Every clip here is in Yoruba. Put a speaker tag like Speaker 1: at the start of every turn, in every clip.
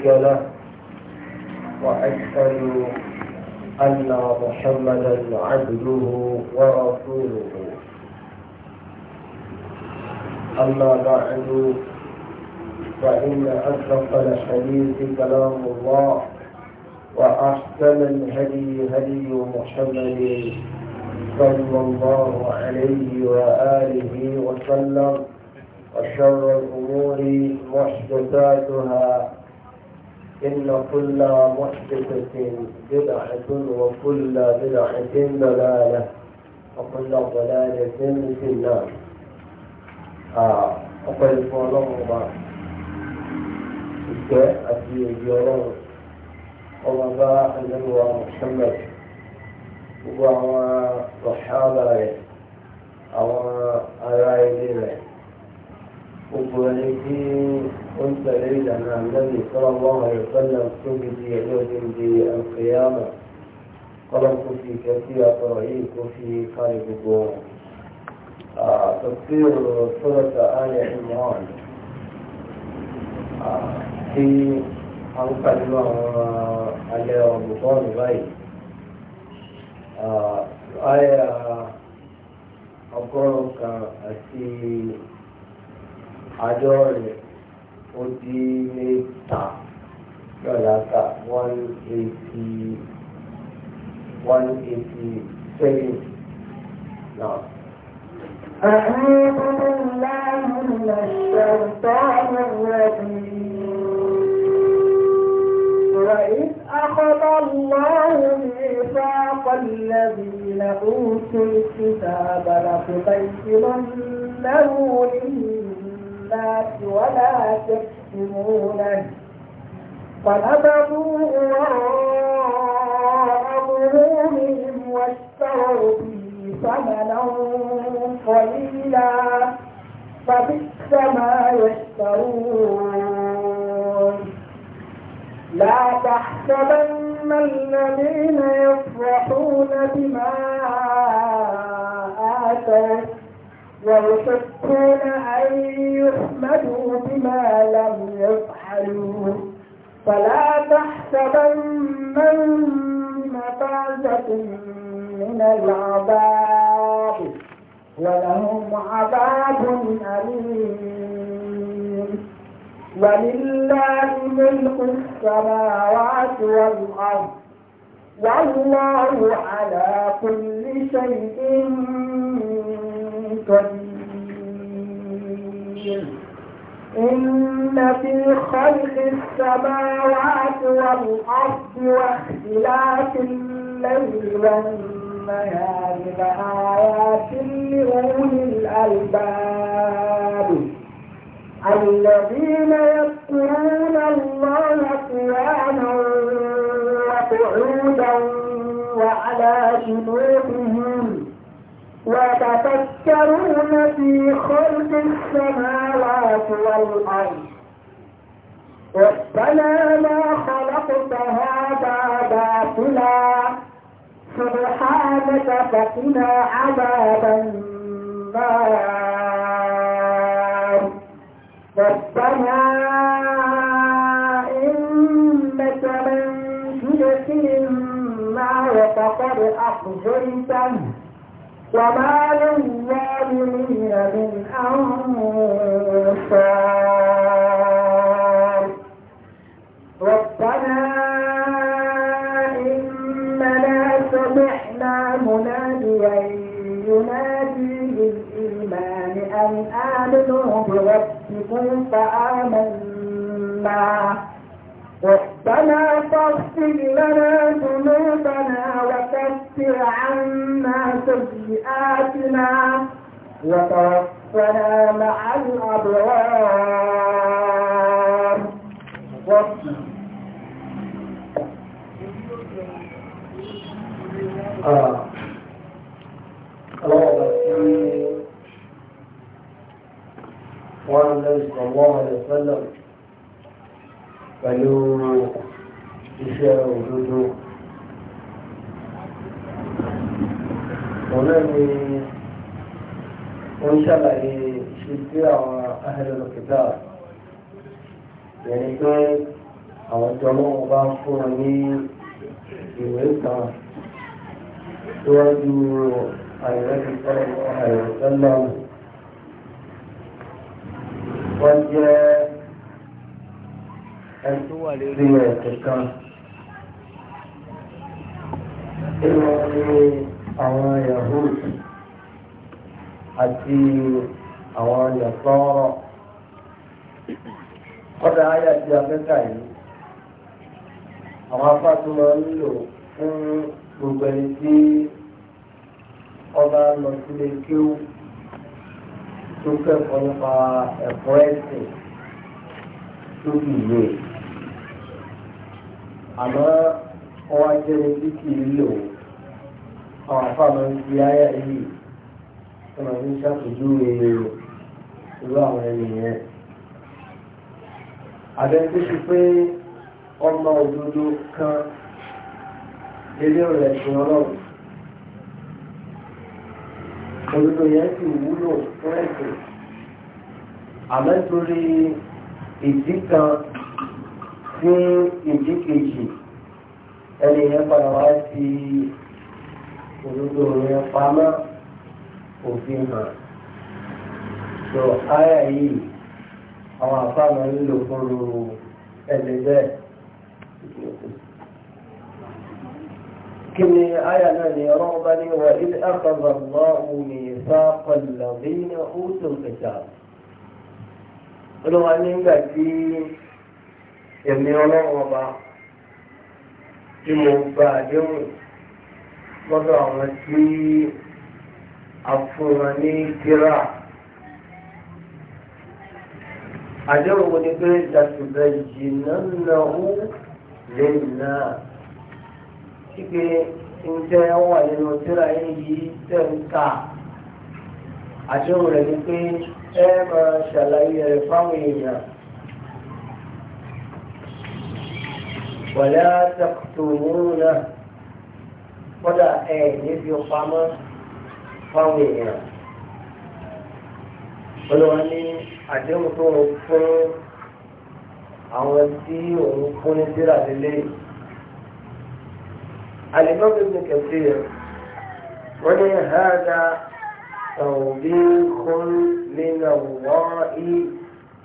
Speaker 1: شريك له وأشهد أن محمدا عبده ورسوله أما بعد فإن أصدق الحديث كلام الله وأحسن الهدي هدي محمد صلى الله عليه وآله وسلم وشر الأمور محدثاتها إن كل محدثة بدعة وكل بدعة ضلالة وكل ضلالة في النار أقول فالله الجاء في الله وما النبي محمد وهو صحابة أو أرائي gbogbo ẹni tí ó ń tẹ̀lé ìlànà àmì sallallahu alaihi wasallam tó fi di ẹjọ́ tó di al-qiyamah kọ́lọ́ kó fi ìfẹ́ sí àtọ̀rọ̀ yìí kó fi kárí gbogbo wọn. تفسير سورة آل عمران في أنقى الله على رمضان غير آية أقرأك في àádọ́rin ó dín mẹ́ta náà láta one eighty one eighty seven náà.
Speaker 2: أعوذ بالله من الشيطان الرجيم وإذ أخذ الله ميثاق الذين أوتوا الكتاب لتبيننه للناس الناس ولا تكتمونه فنبذوه وراء ظهورهم واشتروا به ثمنا قليلا فبئس ما يشترون لا تحسبن الذين يفرحون بما آتوا ويحبون أن يحمدوا بما لم يفعلوا فلا تحسبنهم مفازة من العذاب ولهم عذاب أليم ولله ملك السماوات والأرض والله على كل شيء قدير إن في خلق السماوات والأرض واختلاف الليل والنهار لآيات لأولي الألباب الذين يذكرون الله قياما وقعودا وعلى جنوبهم ويتفكرون في خلق السماوات والأرض ربنا ما خلقت هذا باطلا سبحانك فقنا عذاب النار ربنا إنك من تدخل النار فقد أخزيته وما للظالمين من أنصار ربكم فآمنا ربنا فاغفر لنا ذنوبنا وكفر عنا سيئاتنا وتوفنا مع الأبرار Uh,
Speaker 1: الله wọ́n lẹ́yìn sọ̀wọ́ àlẹ́sẹ́lẹ̀ pẹ̀lú iṣẹ́ òdodo. Ọ̀nà ni wọ́n ṣàlàyé ṣe sí àwọn ahẹ́lẹ́lọ́kẹ̀dá yẹn pé àwọn ìjọba wọn bá fún wọn ní ìwé kan síwájú àìrẹ́bí sọ́lọ́ àìrẹ́sẹ́lẹ̀ wọ́n jẹ́ ẹni tó wà lórí ẹ̀sìn kan nínú ní àwọn Yahud àti àwọn yàtọ̀ọ̀rọ̀ kọ́dà ayà ti afẹ́ta yìí àwọn afáàtúmọ̀ nílò fún gbogbo ẹni tí ọba lọ sílé kéwù tó kẹ́kọ̀ọ́ nípa ẹ̀kọ́ ẹ̀sìn tó kì í lè àmọ́ ọwọ́ ajẹ́ni tí kì í lò àwọn afáàmọ́ ń fi ayá yìí tó máa ń ṣàpèjú èrò irú àwọn ènìyàn àbẹ́ pé ọmọ òdodo kan ilé rẹ̀ ṣe ọlọ́run òdodo yẹn sì wúlò fún ẹ̀sìn àmọ́ torí ìdí kan sí ìdí kejì ẹni yẹn padà wá sí òdodo yẹn pamọ́ òfin hàn tó áyà yìí àwọn àfáàmọ́ ń lò ẹni bẹ́ẹ̀ كم آية ناني رغبني وإذ أخذ الله من ميثاق الذين أوتوا الكتاب olùwà nígbà tí èmi ọlọ́run ọba tí mo gba àdéhùn lọ́dọ̀ àwọn tí a fún wọn ní kíra àdéhùn wo ni pé dàtúbẹ̀ jìnnà náwó lè nà kíkẹ́ ń tẹ́ wà nínú tíra yín yìí tẹ̀ ń kà àdéhùn rẹ̀ ni pé ẹ máa ṣàlàyé rẹ̀ fáwọn èèyàn wọ̀lẹ́ àtàkùtùmùrù náà kọ́dà ẹ̀ níbi pamọ́ fáwọn èèyàn olùwọ́n ní àdéhùn tó ń fún àwọn tí òun fún ní síra lélẹ́yìn alimọ́gbẹ̀gbẹ̀ kẹfì rẹ̀ wọ́n ní hàdà. توبيخ من الله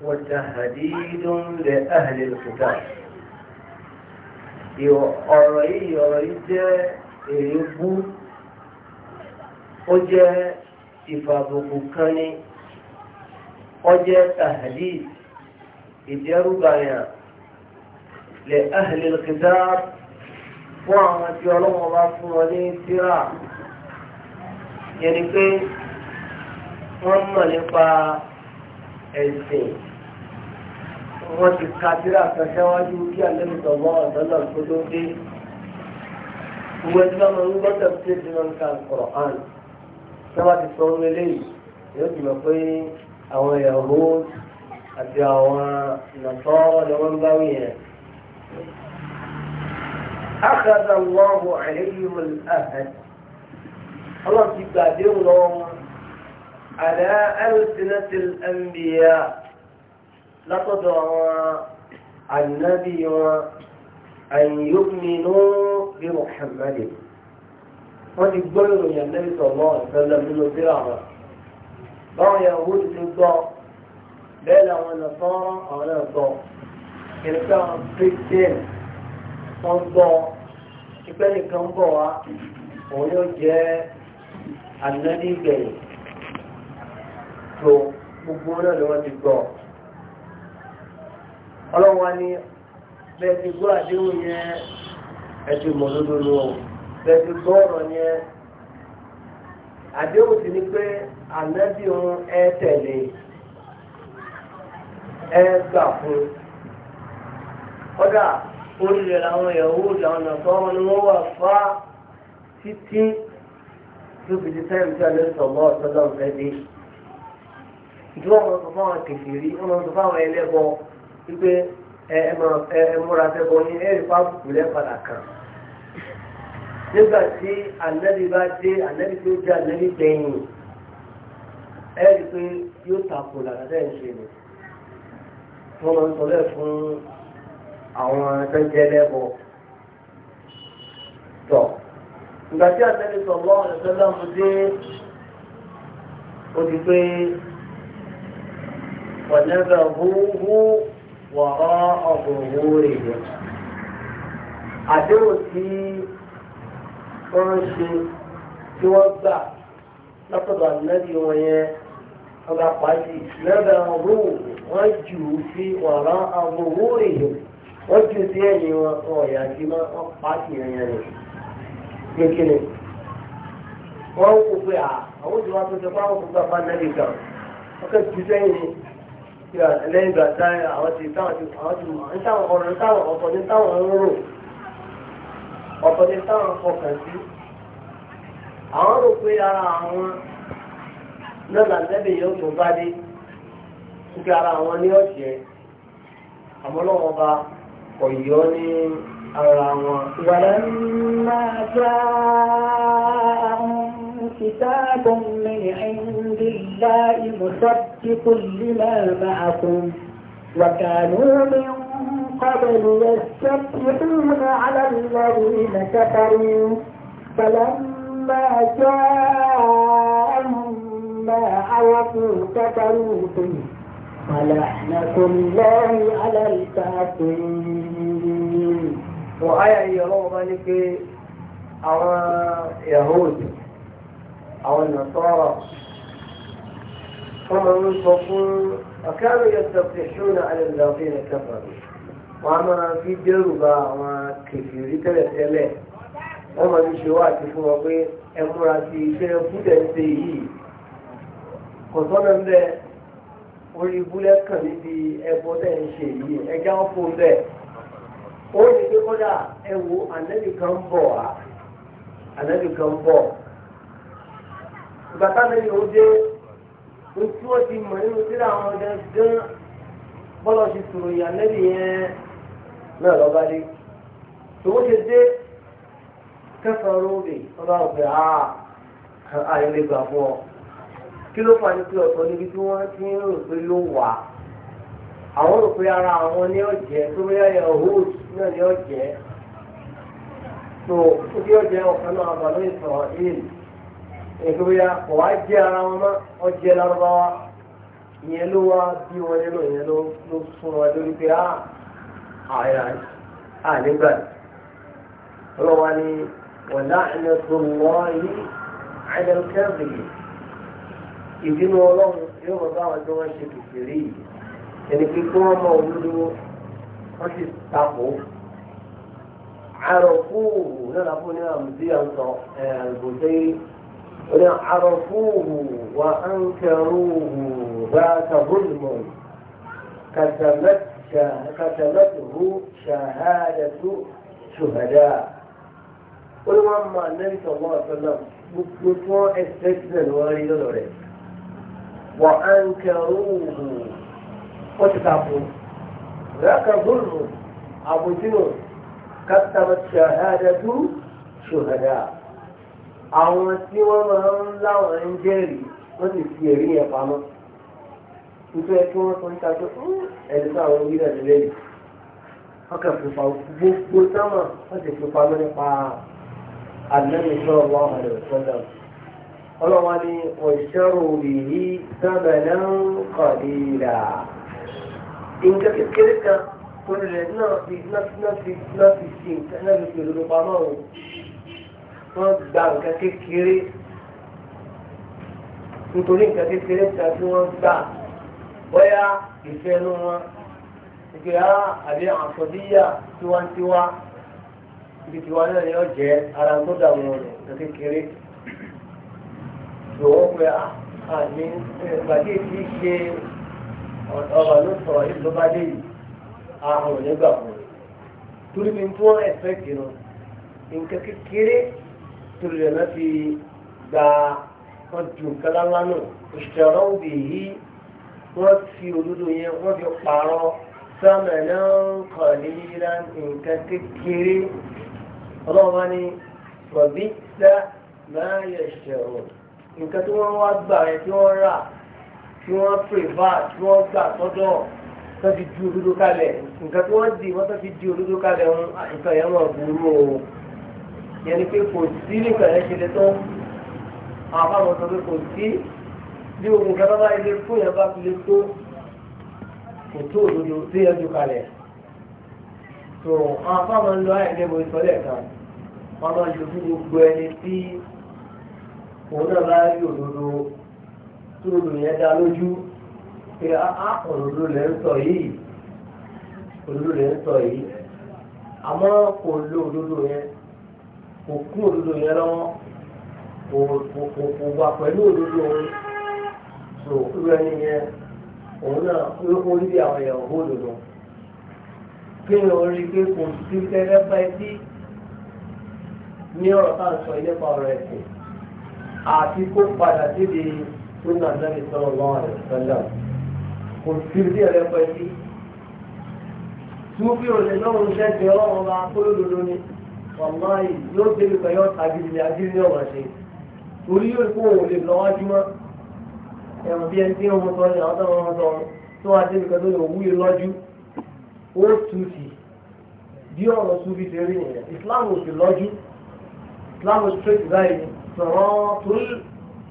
Speaker 1: وتهديد لأهل الكتاب ọ̀rọ̀ yìí ọ̀rọ̀ yìí jẹ́ èrè bú ó jẹ́ ìfàbùkù kan ní ó jẹ́ tàhàdì ìdẹ́rùbàyàn lè ahìlẹ̀ kìtà fún àwọn tí ọlọ́wọ́ bá fún wọn ní tíra yẹni pé wọ́n mọ̀ nípa ẹ̀sìn wọ́n ti ka síra kan ṣáwájú kí àlẹ́mìtọ̀ mọ́ ọ̀dọ́nà tó tó dé gbogbo ẹni bá máa ń gbọ́dọ̀ tí ó ti máa ń ka Al-Qur'an sábà ti sọ ohun eléyìí yóò ti pé àwọn ìyàwó àti àwọn ìnàtọ́ ni wọ́n bá wí yẹn. أخذ الله عليهم الأهد الله تبادر لهم على ألسنة الأنبياء لقد روى النبي أن يؤمنوا بمحمد wọ́n ti gbọ́ ìròyìn ànábì sọ̀lọ́ ìfẹ́lẹ̀ nínú síra wọn báwọn Yahudi ti gbọ́ bẹ́ẹ̀ làwọn ọ̀nà sọ́rọ́ àwọn náà gbọ́ ìrìnkà àwọn Christian wọ́n gbọ́ ìpẹ́ nìkan ń bọ̀ wá òun yóò jẹ́ ànábì gbẹ̀yìn tó gbogbo náà ni wọ́n ti gbọ́ ọlọ́run wa ni bẹ́ẹ̀ ti gbọ́ àdéhùn yẹn ti mọ̀ bẹ́ẹ̀ ti gbọ́ ọ̀rọ̀ yẹn àdéhùn ti ní pé ànábì fún làwọn làwọn wọn ni wọ́n wà fá títí tó fi sẹ́yìn tí a lè sọ̀rọ̀ ìtura wọn sọ fáwọn kẹfìrí wọn sọ fáwọn ẹlẹ́bọ wípé ẹ múra fẹ́bọ ní ẹ̀rí fábùkù lẹ́padà kan nígbà tí ànábì bá dé ànábì tó dé ànábì gbẹ̀yìn ẹ̀rí pé yóò tako làkàtà ìṣe ni wọ́n máa ń sọ bẹ́ẹ̀ fún àwọn ẹgbẹ́ ẹlẹ́bọ tọ̀ ìgbà tí ànábì sọ̀rọ̀ ọ̀rẹ́ sọ́dọ̀ ó di pé. ونبذوه وراء ظهورهم àdéhùn tí wọ́n ṣe tí wọ́n gbà lọ́pọ̀lọpọ̀ ànábì wọn yẹn ọba pàdé lọ́dọ̀ ọ̀rọ̀ wọ́n jù ú sí ọ̀rọ̀ àbòwò èèyàn wọ́n jù sí ẹ̀yìn wọn ọ̀yà tí wọ́n pàdé yẹn rẹ̀ kékeré wọ́n kò pé àwọn òṣèlú àtúnṣe fún àwọn òṣèlú àbánábì kan wọ́n kẹ́ tí lẹ́yìn ìgbà tá àwọn ti táwọn ti àwọn ọ̀rọ̀ nítawọn ọ̀pọ̀ nítawọn ń rò sí. àwọn rò pé ara àwọn náà làǹdẹ́bì yóò tó bá dé nígbà ara àwọn ní ọ̀jẹ̀ àmọ́ lọ́wọ́ bá ọ̀yọ́
Speaker 2: ní ara wọn. ìwà lẹ́nu àwọn. كتاب من عند الله مصدق لما معكم وكانوا من قبل يستفتحون على الذين كفروا فلما جاءهم ما عرفوا كفروا به فلعنة الله على الكافرين
Speaker 1: وآية يروى ذلك أرى يهود àwọn ìnàtọ́rọ̀ wọ́n máa ń sọ fún ọ̀kẹ́rù yẹtọ̀tì ṣúnà alẹ́lẹ́dàfẹ́ ní kẹfàrí wọ́n máa fi dẹ́rù ba àwọn kèfèrí tẹ́lẹ̀tẹ́lẹ̀ wọ́n máa fi ṣe wá àti fún wọn pé ẹ múra sí iṣẹ́ búlẹ̀ ń ṣe yìí kò sọ́nà ń bẹ orí búlẹ̀ kàn níbi ẹbọ tẹ̀ ń ṣe yìí ẹja ń fún bẹ́ẹ̀ ó ní pé kọ́dà ẹ wo ànẹ́bì kan bọ̀ bàtà lẹ́yìn ó ojú ó mọ̀ nínú síra àwọn ọ̀dẹ gán bọ́lọ̀ ti sọ̀rọ̀ ìyá lẹ́yìn yẹn náà lọ́ba dé tòun ṣe dé kẹsàn-án róòbì ọba ọ̀gbẹ́ àá àìlè gbà fún ọ kí ló fà ní pé ọ̀tọ̀ níbi tí wọ́n ti ń rò pé ló wà àwọn rò pé ara àwọn ní ọ̀jẹ́ tó bóyá yẹ hood náà ní ọ̀jẹ́ tó ó bí ọ̀jẹ́ ọ̀kan náà àbálòyìn sọ̀rọ̀ ìlú ìgbéyà kò wá jẹ́ ara wọn mọ́ ọ jẹ́ lárúbáwá ìyẹn ló wá bí wọn nínú ìyẹn ló ló fún wọn lórí pé á ah, àyà á nígbà ọlọ́wà ni wọ́n láàánú tó wọ́n yìí àìdẹ́rù kẹ́rì ìdínú ọlọ́run yóò mọ̀ bá àwọn tí wọ́n ṣe kìkìrì yìí ẹni pé kí wọ́n mọ òdodo wọ́n sì takò àròkù náà lápò ní àmì sí àǹtọ̀ ẹ̀ àlùbọ̀dé. عرفوه وأنكروه ذات ظلم كتمته شهادة شهداء ولما النبي صلى الله عليه وسلم بكتوا السجن وارد العلم وأنكروه وتتعفوا ذاك ظلم أبو تنو كتمت شهادة شهداء àwọn tí wọ́n máa ń láwọn ń jẹ́rìí wọ́n sì fi ẹ̀rí yẹn pamọ́ nítorí kí wọ́n sọ níta pé ẹ̀rí tó àwọn wíwà nílé yìí wọ́n kàn fi pa gbogbo sámà wọ́n sì fi pamọ́ nípa àdánìṣọ́ ọ̀wọ́ àlẹ́ òṣèlú ọlọ́wọ́ ni ọ̀ṣẹ́rù yìí sábẹ̀ náà kọ̀dí rà nǹkan kékeré kan tó lè náà fi wọ́n gba nǹkan kékeré nítorí nǹkan kékeré kan tí wọ́n gbà bóyá ìfẹ́ nu wọn ìgbé ha àbí àfọ̀díyà tiwantiwa ibi tiwa náà ni ó jẹ́ ara tó dààmú rẹ̀ nǹkan kékeré lòun pé a ní ìpàdé tí í ṣe ọ̀rọ̀ ló sọ̀rọ̀ yìí ló bá dé yìí àrùn nígbà fún torí mi tó ẹ̀fẹ́ kìnnà nǹkan kékeré torí rẹ̀ náà fi gba wọn ju kálánlá nù òṣìṣẹ́ ọ̀rọ̀ òbí yìí wọ́n fi òdodo yẹn wọ́n fi pààrọ̀ sọ́mọ̀nà kọ̀líra nǹkan kékeré ọlọ́wọ́ ni bọ̀bí sá máa yẹ ṣẹ̀rọ̀ nǹkan tí wọ́n wá gbà yẹn tí wọ́n rà tí wọ́n pèvà tí wọ́n gbà tọ́dọ̀ tó fi di òdodo kalẹ̀ nǹkan tí wọ́n di wọ́n tó fi di òdodo kalẹ̀ nǹkan yẹn wọ́n burú o yẹn ni pé kò sí nìkan yẹn ṣe lè tán àbámọ̀ sọ pé kò sí bí ogun kẹfà bá ilé fún yẹn bá fi lè tó kò tó òdodo tó yẹn ju kalẹ̀ tó àbámọ̀ ń lọ àìlèmọ̀ ìsọ̀lẹ̀ kan wọn máa lò fún gbogbo ẹni tí òun náà bá rí òdodo tó lò yẹn dá lójú pé á ah, ah, òdodo lẹ́ ń sọ yìí òdodo lẹ́ ń sọ yìí àmọ́ kò lo òdodo yẹn kò kú òdodo yẹn lọ́wọ́ kò kò wà pẹ̀lú òdodo òun so irú ẹni yẹn òun náà ó rí bí àwọn èèyàn hó òdodo kí ni orí pé kò sí tẹ́lẹ̀ bá ẹtí ní ọ̀rọ̀ tá à ń sọ nípa ọ̀rọ̀ ẹ̀sìn àti kó padà síbi sunna nàbì sọ̀rọ̀ lọ́wọ́ rẹ̀ sọ́lá kò sí bí ẹ̀rẹ́ tí ó fi òrìlẹ̀ lọ́wọ́ ṣẹ́ṣẹ́ ọlọ́wọ́ bá kólódodo ni wàláyé yóò débi kan yóò tagiri ní agiri ní ọ̀rọ̀ ṣe torí yóò kó òun lè lọ́wọ́ júmọ́ ẹ̀wọ̀n bí ẹni tí wọ́n sọ ní àwọn táwọn sọ tó wá débi kan tó yẹ òwúyẹ lọ́jú ó túfì bí ọ̀rọ̀ túfì ṣe rí nìyẹn Islam ò sì lọ́jú Islam ò straight guy ni sọ̀rọ̀ tó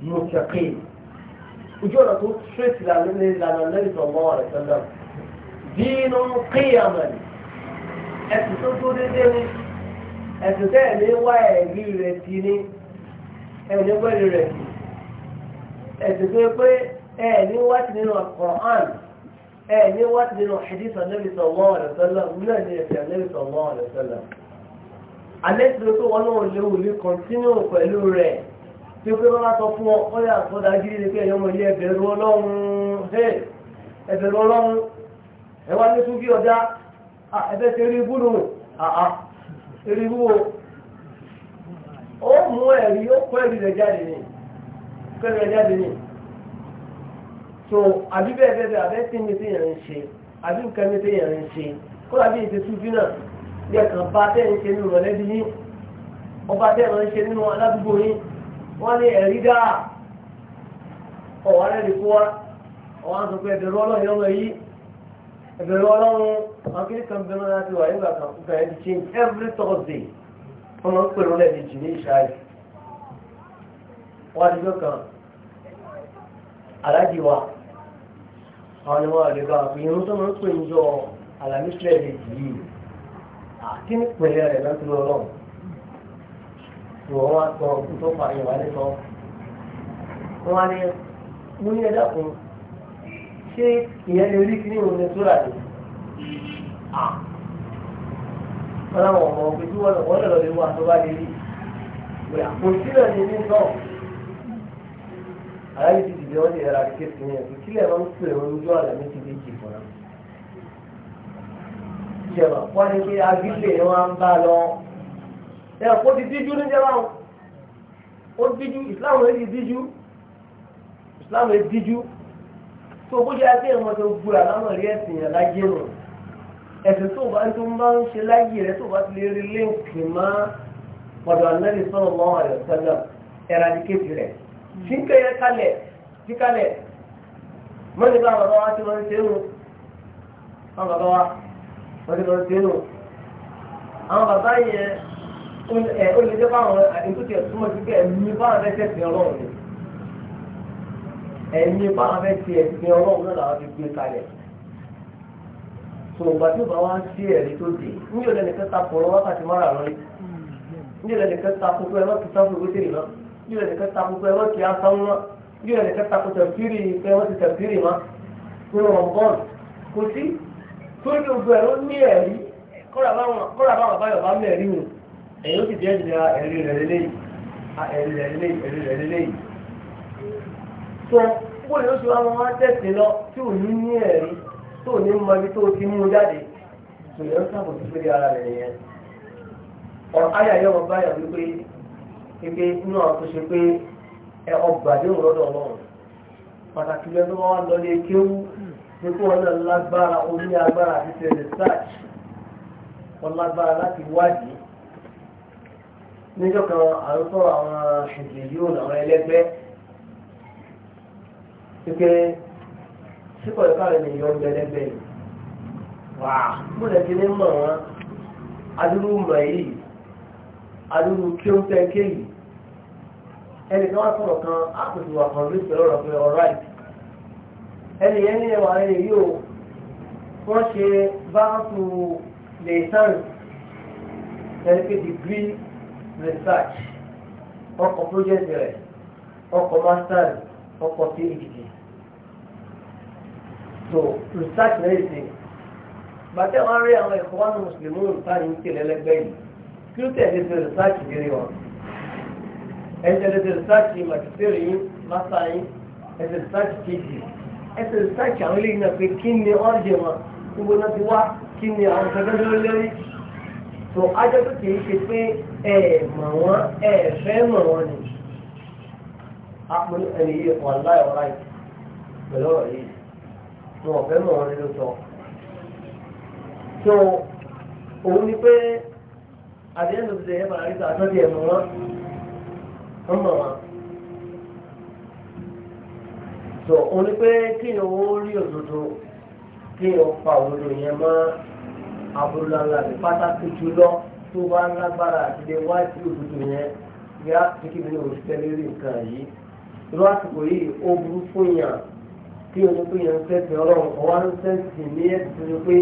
Speaker 1: yóò kẹ̀kẹ́ ojú ọ̀nà tó straight lànà lẹ́yìn sọ̀rọ̀ rẹ̀ sọ́dọ̀ dínú kéèyàn mẹ́rin ẹ̀sìn tó tó déédéé ni ẹ̀sùn tẹ́ ẹ̀ ní wá ẹ̀rí rẹ̀ ti ní ẹ̀rí pẹ̀lú rẹ̀ ti ẹ̀sùn tó pé ẹ̀ ní wá ti nínú Qur'an ẹ̀ ní wá ti nínú hadith Ànábì sallallahu alaihi wasallam náà ní ẹ̀sìn Ànábì sallallahu alaihi wasallam alẹ́ tí ó wọn náà léwu ní kọ́ntínú pẹ̀lú rẹ̀ tí ó pé bá sọ fún ọ ọ yà sọdá gírí ni pé ẹ̀yọ́ mọ̀ ilé ẹ̀bẹ̀rù ìrìwò ó mú ẹ̀rí ó kọ́ ẹ̀rí rẹ̀ jáde ní kọ́ ẹ̀rí rẹ̀ jáde ní so àbí bẹ́ẹ̀ bẹ́ẹ̀ bẹ́ẹ̀ abẹ́ tí mi ti yàn ń ṣe àbí nǹkan mi ti yàn ń ṣe kó làbí ètò ìtúbí náà ní ẹ̀kan bá tẹ́ ń ṣe nínú mọ̀lẹ́bí yín ọba tẹ́ ń ṣe nínú aládùúgbò yín wọ́n ní ẹ̀rí dáa ọ̀wá rẹ̀ lè kó wa ọ̀wá sọ pé ẹ̀bẹ̀rù ọlọ́run ẹ̀bẹ̀rù ọlọ́run akéré kan bẹ́ẹ̀ lọ́dá ti wà nígbà kan fún kan change every Thursday wọ́n máa ń pè lọ́lẹ̀ méjì ní ìṣáájú wọ́n adijọ́ kan aláàjì wa àwọn ni wọ́n àlè bá a pè irun tó máa ń pè ń jọ àlàmísílẹ̀ lè jì í kí ni pẹ̀lẹ́ rẹ̀ láti lọ lọ́wọ́ tó wọ́n wá sọ òkú tó pààyàn wá ní sọ wọ́n á ní mú ní ẹ̀dá kan ṣé ìyẹn lè rí kí ní òun ní túrà ní wọ́n ah. àwọn ọmọ ògbé tí wọ́n lọ́ọ́ lọ́ọ́ lè wà tó bá lè rí pé àpòsílẹ̀ ni ní náà aláyé ti dìde wọ́n lè ra kéèké yẹn pé kílẹ̀ máa ń pè wọ́n lójú àlà ní ti méjì fún wa. ìjọba wọ́n ní pé agílẹ̀ ni wọ́n bá lọ. ẹ kó ti díjú ní jẹ́ báwọn ó díjú ìsìláàmù ló ti díjú ìsìláàmù ló díjú tó bó ṣe á sí ìrìnàjò gbúra láwọn ìrí yẹn lájẹ́ nù ẹ̀sìn tó bá tó ń bá ń ṣe láyé rẹ̀ tó bá ti lè rí líǹkì mọ́ pọ̀dọ̀ ànábì sọ̀rọ̀ mọ́ ọ̀rẹ́ sọ́dọ̀ ẹ̀rọ àdìkejì rẹ̀ tí ń kẹ́yẹ kalẹ̀ tí kalẹ̀ mọ́ ní bá àwọn bàbá wa ti máa ń ṣe nù àwọn bàbá wa wọ́n ti máa ń ṣe nù àwọn bàbá yẹn ó lè jẹ́ báwọn ètùtù ẹ̀sùnmọ̀ sí pé ẹ̀mí báwọn fẹ́ ṣẹ̀sìn ọlọ́run ni ẹ̀mí báwọn fẹ́ ṣe ẹ̀sìn tó ìgbà tí ó bá wá sí ẹ̀rí tó dé níjọ́ lẹ́nu kẹta kọ̀ọ̀rọ̀ wákàtí mọ́ra rán lé níjọ́ lẹ́nu kẹta kókó ẹ má kí sáfù ìwé tèrè náà níjọ́ lẹ́nu kẹta kókó ẹ má kí asán náà níjọ́ lẹ́nu kẹta kó tẹ̀fírì ẹ má ti tẹ̀fírì má nínú ọ̀gbọ́n kò sí torí gbogbo ẹ̀ ló ní ẹ̀rí kọ́ra báwọn àbáyọ̀ bá mẹ́rin o ẹ̀yìn ó sì jẹ́ ìlera ẹ̀rí rẹ̀ lélẹ́yìí ẹ̀rí rẹ̀ lélẹ́yìí ẹ̀rí rẹ̀ lélẹ́yìí tó ní mọ tó ti mú jáde tòyẹ ń sàbò tó péré ara rẹ̀ yẹn ọ ayà yẹ wọn báyà wípé pépé inú àwọn tó ṣe pé ẹ ọgbàdé òun lọ́dọ̀ Ọlọ́run pàtàkì tó wá lọ lé kéwú ní kó wọn náà lágbára omi agbára àti wọn lágbára láti wádìí kan náà tí kò ẹ̀ka rẹ̀ nìyọ gbẹlẹ́gbẹ́ yìí wà mo lè ti ní mọ̀ wọn adúrú mọ̀ yìí adúrú kí ó fẹ́ ké yìí ẹnì kan wá sọ̀rọ̀ kan àpòtù wà kan lóṣù pẹ̀lú ọ̀rọ̀ pé ọ̀ráìt ẹnì yẹn ní ẹwà rẹ̀ yìí o wọ́n ṣe báńkù lè sàn ẹni pé degree research ọkọ̀ project rẹ̀ ọkọ̀ master ọkọ̀ phd so research medicine bàtẹ́ wọn rí àwọn Ikhwan Muslimun táyì ń kele ẹlẹgbẹ́ yìí kí ló tẹ̀lé ti research kiri wọn ẹ̀sẹ̀ ti research màtísírì yín màtá yín ẹ̀sẹ̀ research kejì ẹ̀sẹ̀ research àwọn eléyìí náà pé kí ni wọ́n jẹ wọn níbo náà ti wá kí ni àwọn ìṣẹ́gbẹ́ ló lérí so ajọ́ tó kì í ṣe pé ẹ mọ̀ wọ́n ẹ fẹ́ mọ̀ wọ́n ni àpò ẹni yìí wà láì ọ̀ráì pẹ̀lú ọ̀rọ̀ yìí. wọn ọ̀fẹ́ mọ̀ wọn ló sọ. so òun ni pé àti ẹnu ti ẹ̀yẹ́ bàrà nípa àtọ́jú ẹ̀mọ́ wọn wọ́n mọ̀ wọn. so òun ni pé kí ni owó rí òdodo kí ni ó pa òdodo yẹn mọ́ aburú lánlá ní jùlọ tó bá lágbára òdodo yẹn yá kíkí mi ní tí o ní pé yẹn ń fẹ́fẹ́ ọlọ́run kan wá ń sẹ́ǹsì ní ẹ̀sìn ni pé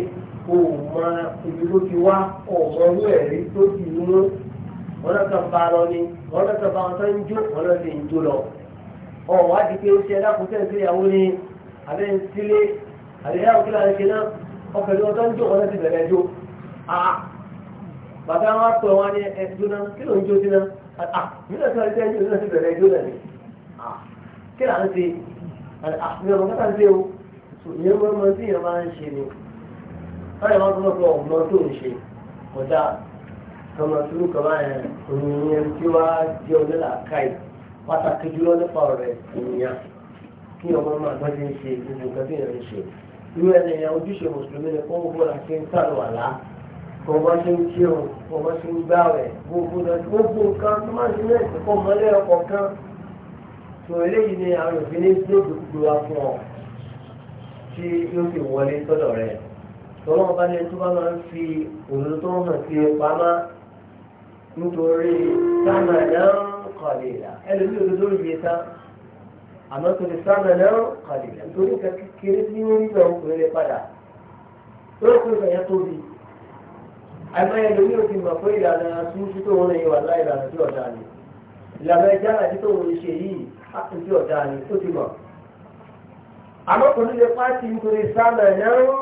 Speaker 1: o ò mọ ibi tó ti wá ọ̀mọ inú ẹ̀rí tó ti mú wọn lọ́kà bá lọ ni wọn lọ́kà bá wọn tó ń jó wọn lọ́ lè ń jó lọ. ọ̀ wá di pé ó ṣe ẹ̀dákun sẹ́ǹsì ìyàwó ni àbẹ́ ń sílé àbẹ́yàwó kí láti ṣe náà ọkọ̀ ni wọ́n tó ń jó wọn lọ́ ti bẹ̀rẹ̀ jó. bàtà wọn pè wọn ní ẹ̀dùn náà kí ló ń jó sí náà àfihàn ọmọ kẹta ń dé o ìyẹn mọ ọmọ tí ìyẹn máa ń ṣe ni báyìí wọn tún lọ pé ọmọ tó ń ṣe kọjá tọmọ tìlú kan báyẹn ònìyàn tí wàá jẹ ọdún làákàyè pàtàkì jùlọ nípa ọ̀rẹ́ ènìyàn kí ọmọ máa gbọ́n ti ń ṣe gbogbo nǹkan tí ìyẹn ń ṣe irú ẹnìyàn ojúṣe mùsùlùmí ni kó gbọ́dọ̀ la ṣe ń sàlù àlá kó bá ṣe ń kírun kó bá ṣe ń gbààwẹ̀ gbogbo nǹkan tó máa ń ṣe ní ẹ̀sìn kó mọ́lẹ́ ọkọ̀ kan tó eléyìí ni àwọn òfin ní tí ó dòdò wá fún ọ tí yóò fi wọlé sọ́dọ̀ rẹ̀ tọ́lọ́ bá ní tó bá máa ń fi òdodo tó hàn sí pamá nítorí sáànà náà kọ̀lì là ẹlòmí òdodo yìí tán àmọ́ torí sáànà náà kọ̀lì là nítorí nǹkan kékeré tí wọ́n ń lọ òkú rẹ̀ padà tó kó ìfẹ̀yà tóbi àmọ́ ẹlòmí ò ti mọ̀ pé ìlànà tó ń ṣe tó wọn lè wà láì ìlànà tí ọ̀dà ni ìlànà ìjà àti tó wọn ṣe yìí àtúntí ọ̀dà ni tó ti mọ̀. àmọ́ kò ní lè pàtì nítorí sáàmà ẹ̀nẹ́rún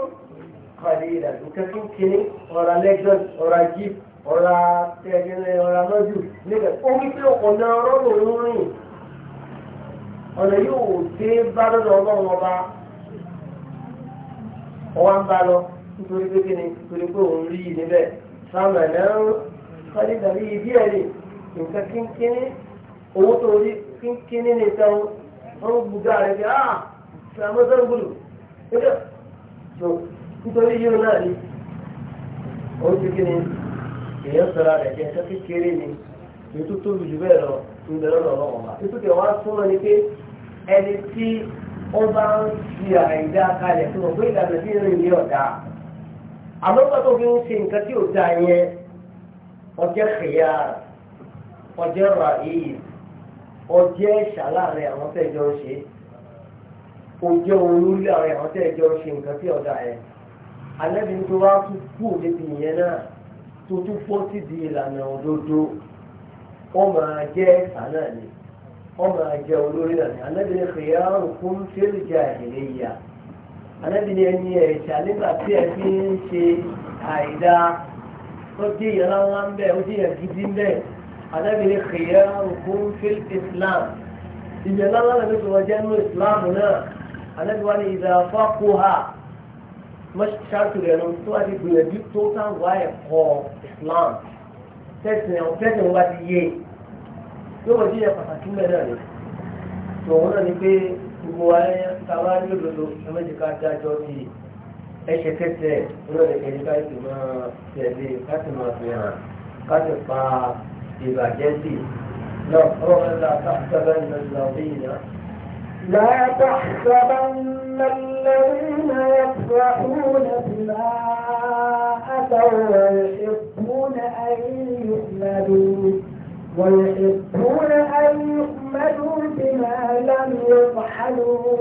Speaker 1: kọ̀lé ìdàgbò kẹ́kọ̀ọ́ kìíní ọ̀rọ̀ lẹ́gbẹ̀n ọ̀rọ̀ jíp ọ̀rọ̀ tẹ̀gẹ̀rẹ̀ ọ̀rọ̀ lọ́jù níbẹ̀ ó wí pé ọ̀nà ọ̀rọ̀ lòún rìn ọ̀nà yóò dé bá lọ́dọ̀ ọlọ́run ọba ọwá ń bá lọ nítorí pé kí ni nítorí pé òun rí i níbẹ̀ sáàmà ẹ̀nẹ́rún kọ̀lé ìdàgbò yìí díẹ̀ ni nǹkan kínkínní owó tó rí kíní ní ìtàn wọn gbùgbà rẹ̀ bí ah ìsàmọ́ sọ́rọ̀ gbùdù ẹjọ́ tó nítorí yóò náà ni ó ti kíni èèyàn sọ̀rọ̀ rẹ̀ jẹ́ ẹjọ́ kékeré ni ètò tóbi jù bẹ́ẹ̀ lọ ń bẹ̀rẹ̀ lọ́wọ́ wa ètò tẹ̀ wá súnmọ́ ni pé ẹni tí ó bá ń fi àìdá kalẹ̀ fún ọ pé ìlànà tí ń rìn ní ọ̀dà àmọ́ pàtó fi ń ṣe nǹkan tí ò da yẹn ọjọ́ kìíyà ọjọ́ rà yìí ọjẹ́ ẹ̀ṣà láàrin àwọn tẹ́jọ ń ṣe ọjọ́ olórí láàrin àwọn tẹ́jọ ń ṣe nǹkan tí ọ̀dà ẹ̀ alẹ́bí tó wá tún kú níbi ìyẹn náà tó tún fọ́ sí di ìlànà òdodo wọ́n máa jẹ́ ẹ̀ṣà náà ni wọ́n máa jẹ́ olórí náà ni alẹ́bí ní kìyàrá òkun fẹ́rẹ̀jà ìrẹ̀ ìyà alẹ́bí ní ẹni ẹ̀ṣà nígbà tí ẹ fi ń ṣe àìdá ó dé ìyàrá ńlá ń ó dé ìyà alábìnrin khiyarukum fil islam ìjẹ́ lọ́wọ́ lẹ́nu tó wọ́n jẹ́ nínú islam náà alábìwá ni idha faquha mọ́ṣáàtù rẹ̀ lọ tó wá ti gbìyànjú tó sáwà ẹ̀kọ́ islam tẹ̀sán tẹ̀sán wá ti yé yóò wọ́n jíjẹ pàtàkì mẹ́rin rẹ̀ tó wọ́n náà ni pé gbogbo wa ẹ̀ tàwa ní òdodo ẹ̀mẹ́jìká dájọ́ ti ẹ̀ṣẹ̀ tẹ̀sẹ̀ olóòdì kẹ̀yìn káyọ̀ tó máa tẹ̀lé káṣí máa fi hàn káṣí pa á. بباجته لا تحسبن الذين
Speaker 2: لا تحسبن الذين يفرحون بما أتوا ويحبون أن يحمدوا ويحبون أن يحمدوا بما لم يفعلوا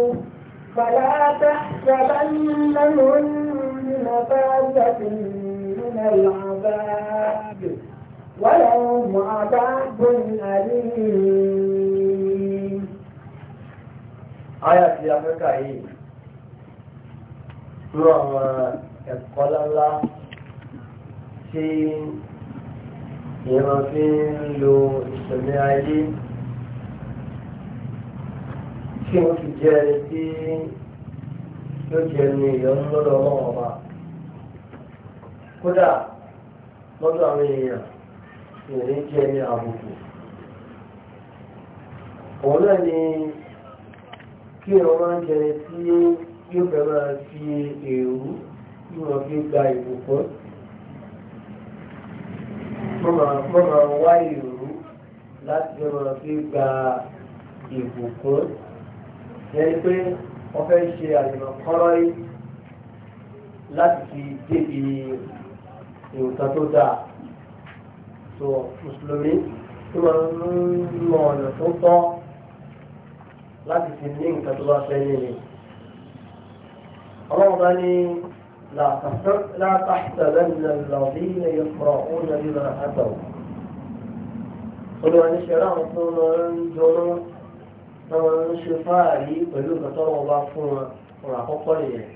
Speaker 2: فلا تحسبنهم بمفازة من العذاب ولهم عذاب أليم
Speaker 1: آية في أفريقيا هي nínú àwọn ẹ̀kọ́ lálá tí ìran tí wọ́n fi jẹ́ ẹni tí yóò jẹ́ ẹni ìyọnu lọ́dọ̀ ọlọ́wọ́ ọba kódà lọ́dọ̀ àwọn èèyàn ìrìn jẹ́ ní àbùkù òun ni kí ẹ̀rọ máa ń jẹrẹ tí yóò fẹ́ máa fi èrú tí wọ́n fi gba ìbùkún wọ́n máa wá èrú láti fẹ́ máa fi gba ìbùkún yẹn pé wọ́n fẹ́ ṣe àyẹ̀wò kọ́rọ́ láti débi nǹkan tó dáa tó mùsùlùmí tó máa ń mọ ọ̀nà tó tọ́ láti fi ní nǹkan tó bá fẹ́ nílé. ọlọ́run bá ní látàtàlẹ́nà lọ́dí ilẹ̀ ìfọ̀rọ̀ òun náà bí máa àtọ̀. olùwà ní ṣẹlẹ̀ àwọn tó máa ń dúró náà máa ń ṣe fáàrí pẹ̀lú nǹkan tó wọn bá fún wọn ọ̀rọ̀ àkọ́kọ́ nìyẹn.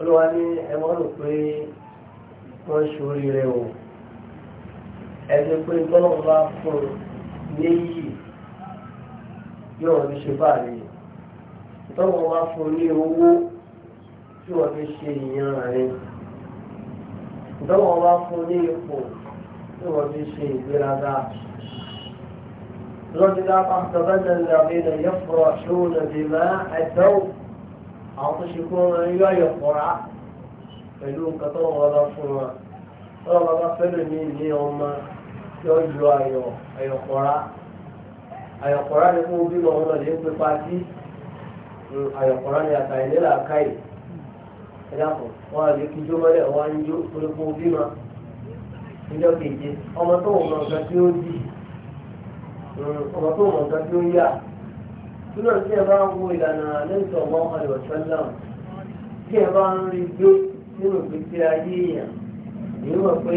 Speaker 1: olùwà ní ẹ̀wọ́n rò pé wọ́n ṣoríire o ẹni pé tọ́lọ́wọ́ bá fún un léyìí yóò ní ṣe báyìí tọ́lọ́wọ́ bá fún un ní owó tí wọ́n fi ṣe ìyan rẹ̀ tọ́lọ́wọ́ bá fún ní ipò tí wọ́n fi ṣe ìgbéraga. رجل أحسبن الذين يفرحون بما أتوا أعطشكم إلى يفرح فلو كتر غلطنا غلط فلمي لي أمه tí ó yọ ayọ̀ ayọ̀kọ̀ra ayọ̀kọ̀ra ni fún bí wọn lọ lè ń pe pati hmm, ayọ̀kọ̀ra ni àtàyè nílà káyì ẹ̀dá kan wọn àlè kíjó mọ́lẹ̀ wọn á ń jó torí fún bí ma níjọ́ keje ọmọ tó wọn mọ nǹkan tí ó di hmm, ọmọ tó wọn mọ nǹkan tí ó yà túnú tí ẹ bá ń wo ìlànà lẹ́sọ̀ ọmọ àlùfẹ́lá tí ẹ bá ń rí gbé nínú ìgbésí ayé èèyàn èyí pé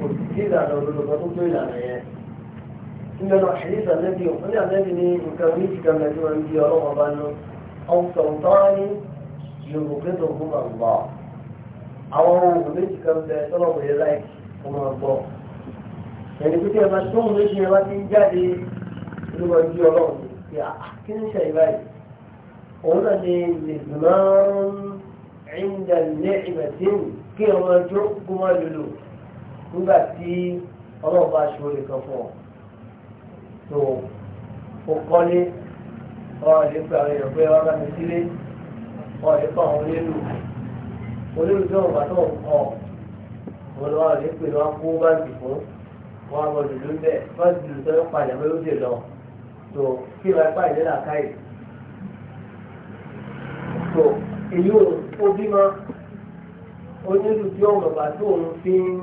Speaker 1: kò sí ìlànà òdodo kan tó tó ìlànà yẹn nígbàdàn àṣírísà lẹ́bi òfin àlẹ́bi ní nǹkan méjì kan lẹ́bi wọn bí ọlọ́wọ́ bá lọ ọ̀sọ̀ntánì yorùbá kẹ́tọ̀ fún àgbà àwọn ohun méjì kan bẹ tọ́lọ́mù yẹn láì fún wọn gbọ́ ẹni pípẹ́ ẹ̀ma tó ń ọlọ́run ti à ah, ah, ìbáyìí òun náà ni lèzùmáà ń ẹ̀yìn dàlẹ́ ìbàdí nígbà tí ọlọ́run bá ṣòro nìkan fún ọ tó o kọ́lé ọ̀rọ̀ lè pe àwọn èèyàn pé wọ́n bá mi sílé ọ̀rọ̀ lè pa àwọn onílù onílù tí wọ́n bá tó ń kọ́ wọn lọ́wọ́ lè pe wọn kó báńkì fún wọn àwọn olùlú ń bẹ̀ fọ́ọ̀sì ìlú tó ń padà mọ́ lóde lọ tó kí wọ́n pa ìdílé àkáyè tó èyí ò bímọ onílù tí wọ́n bàbá tó ń fi ń.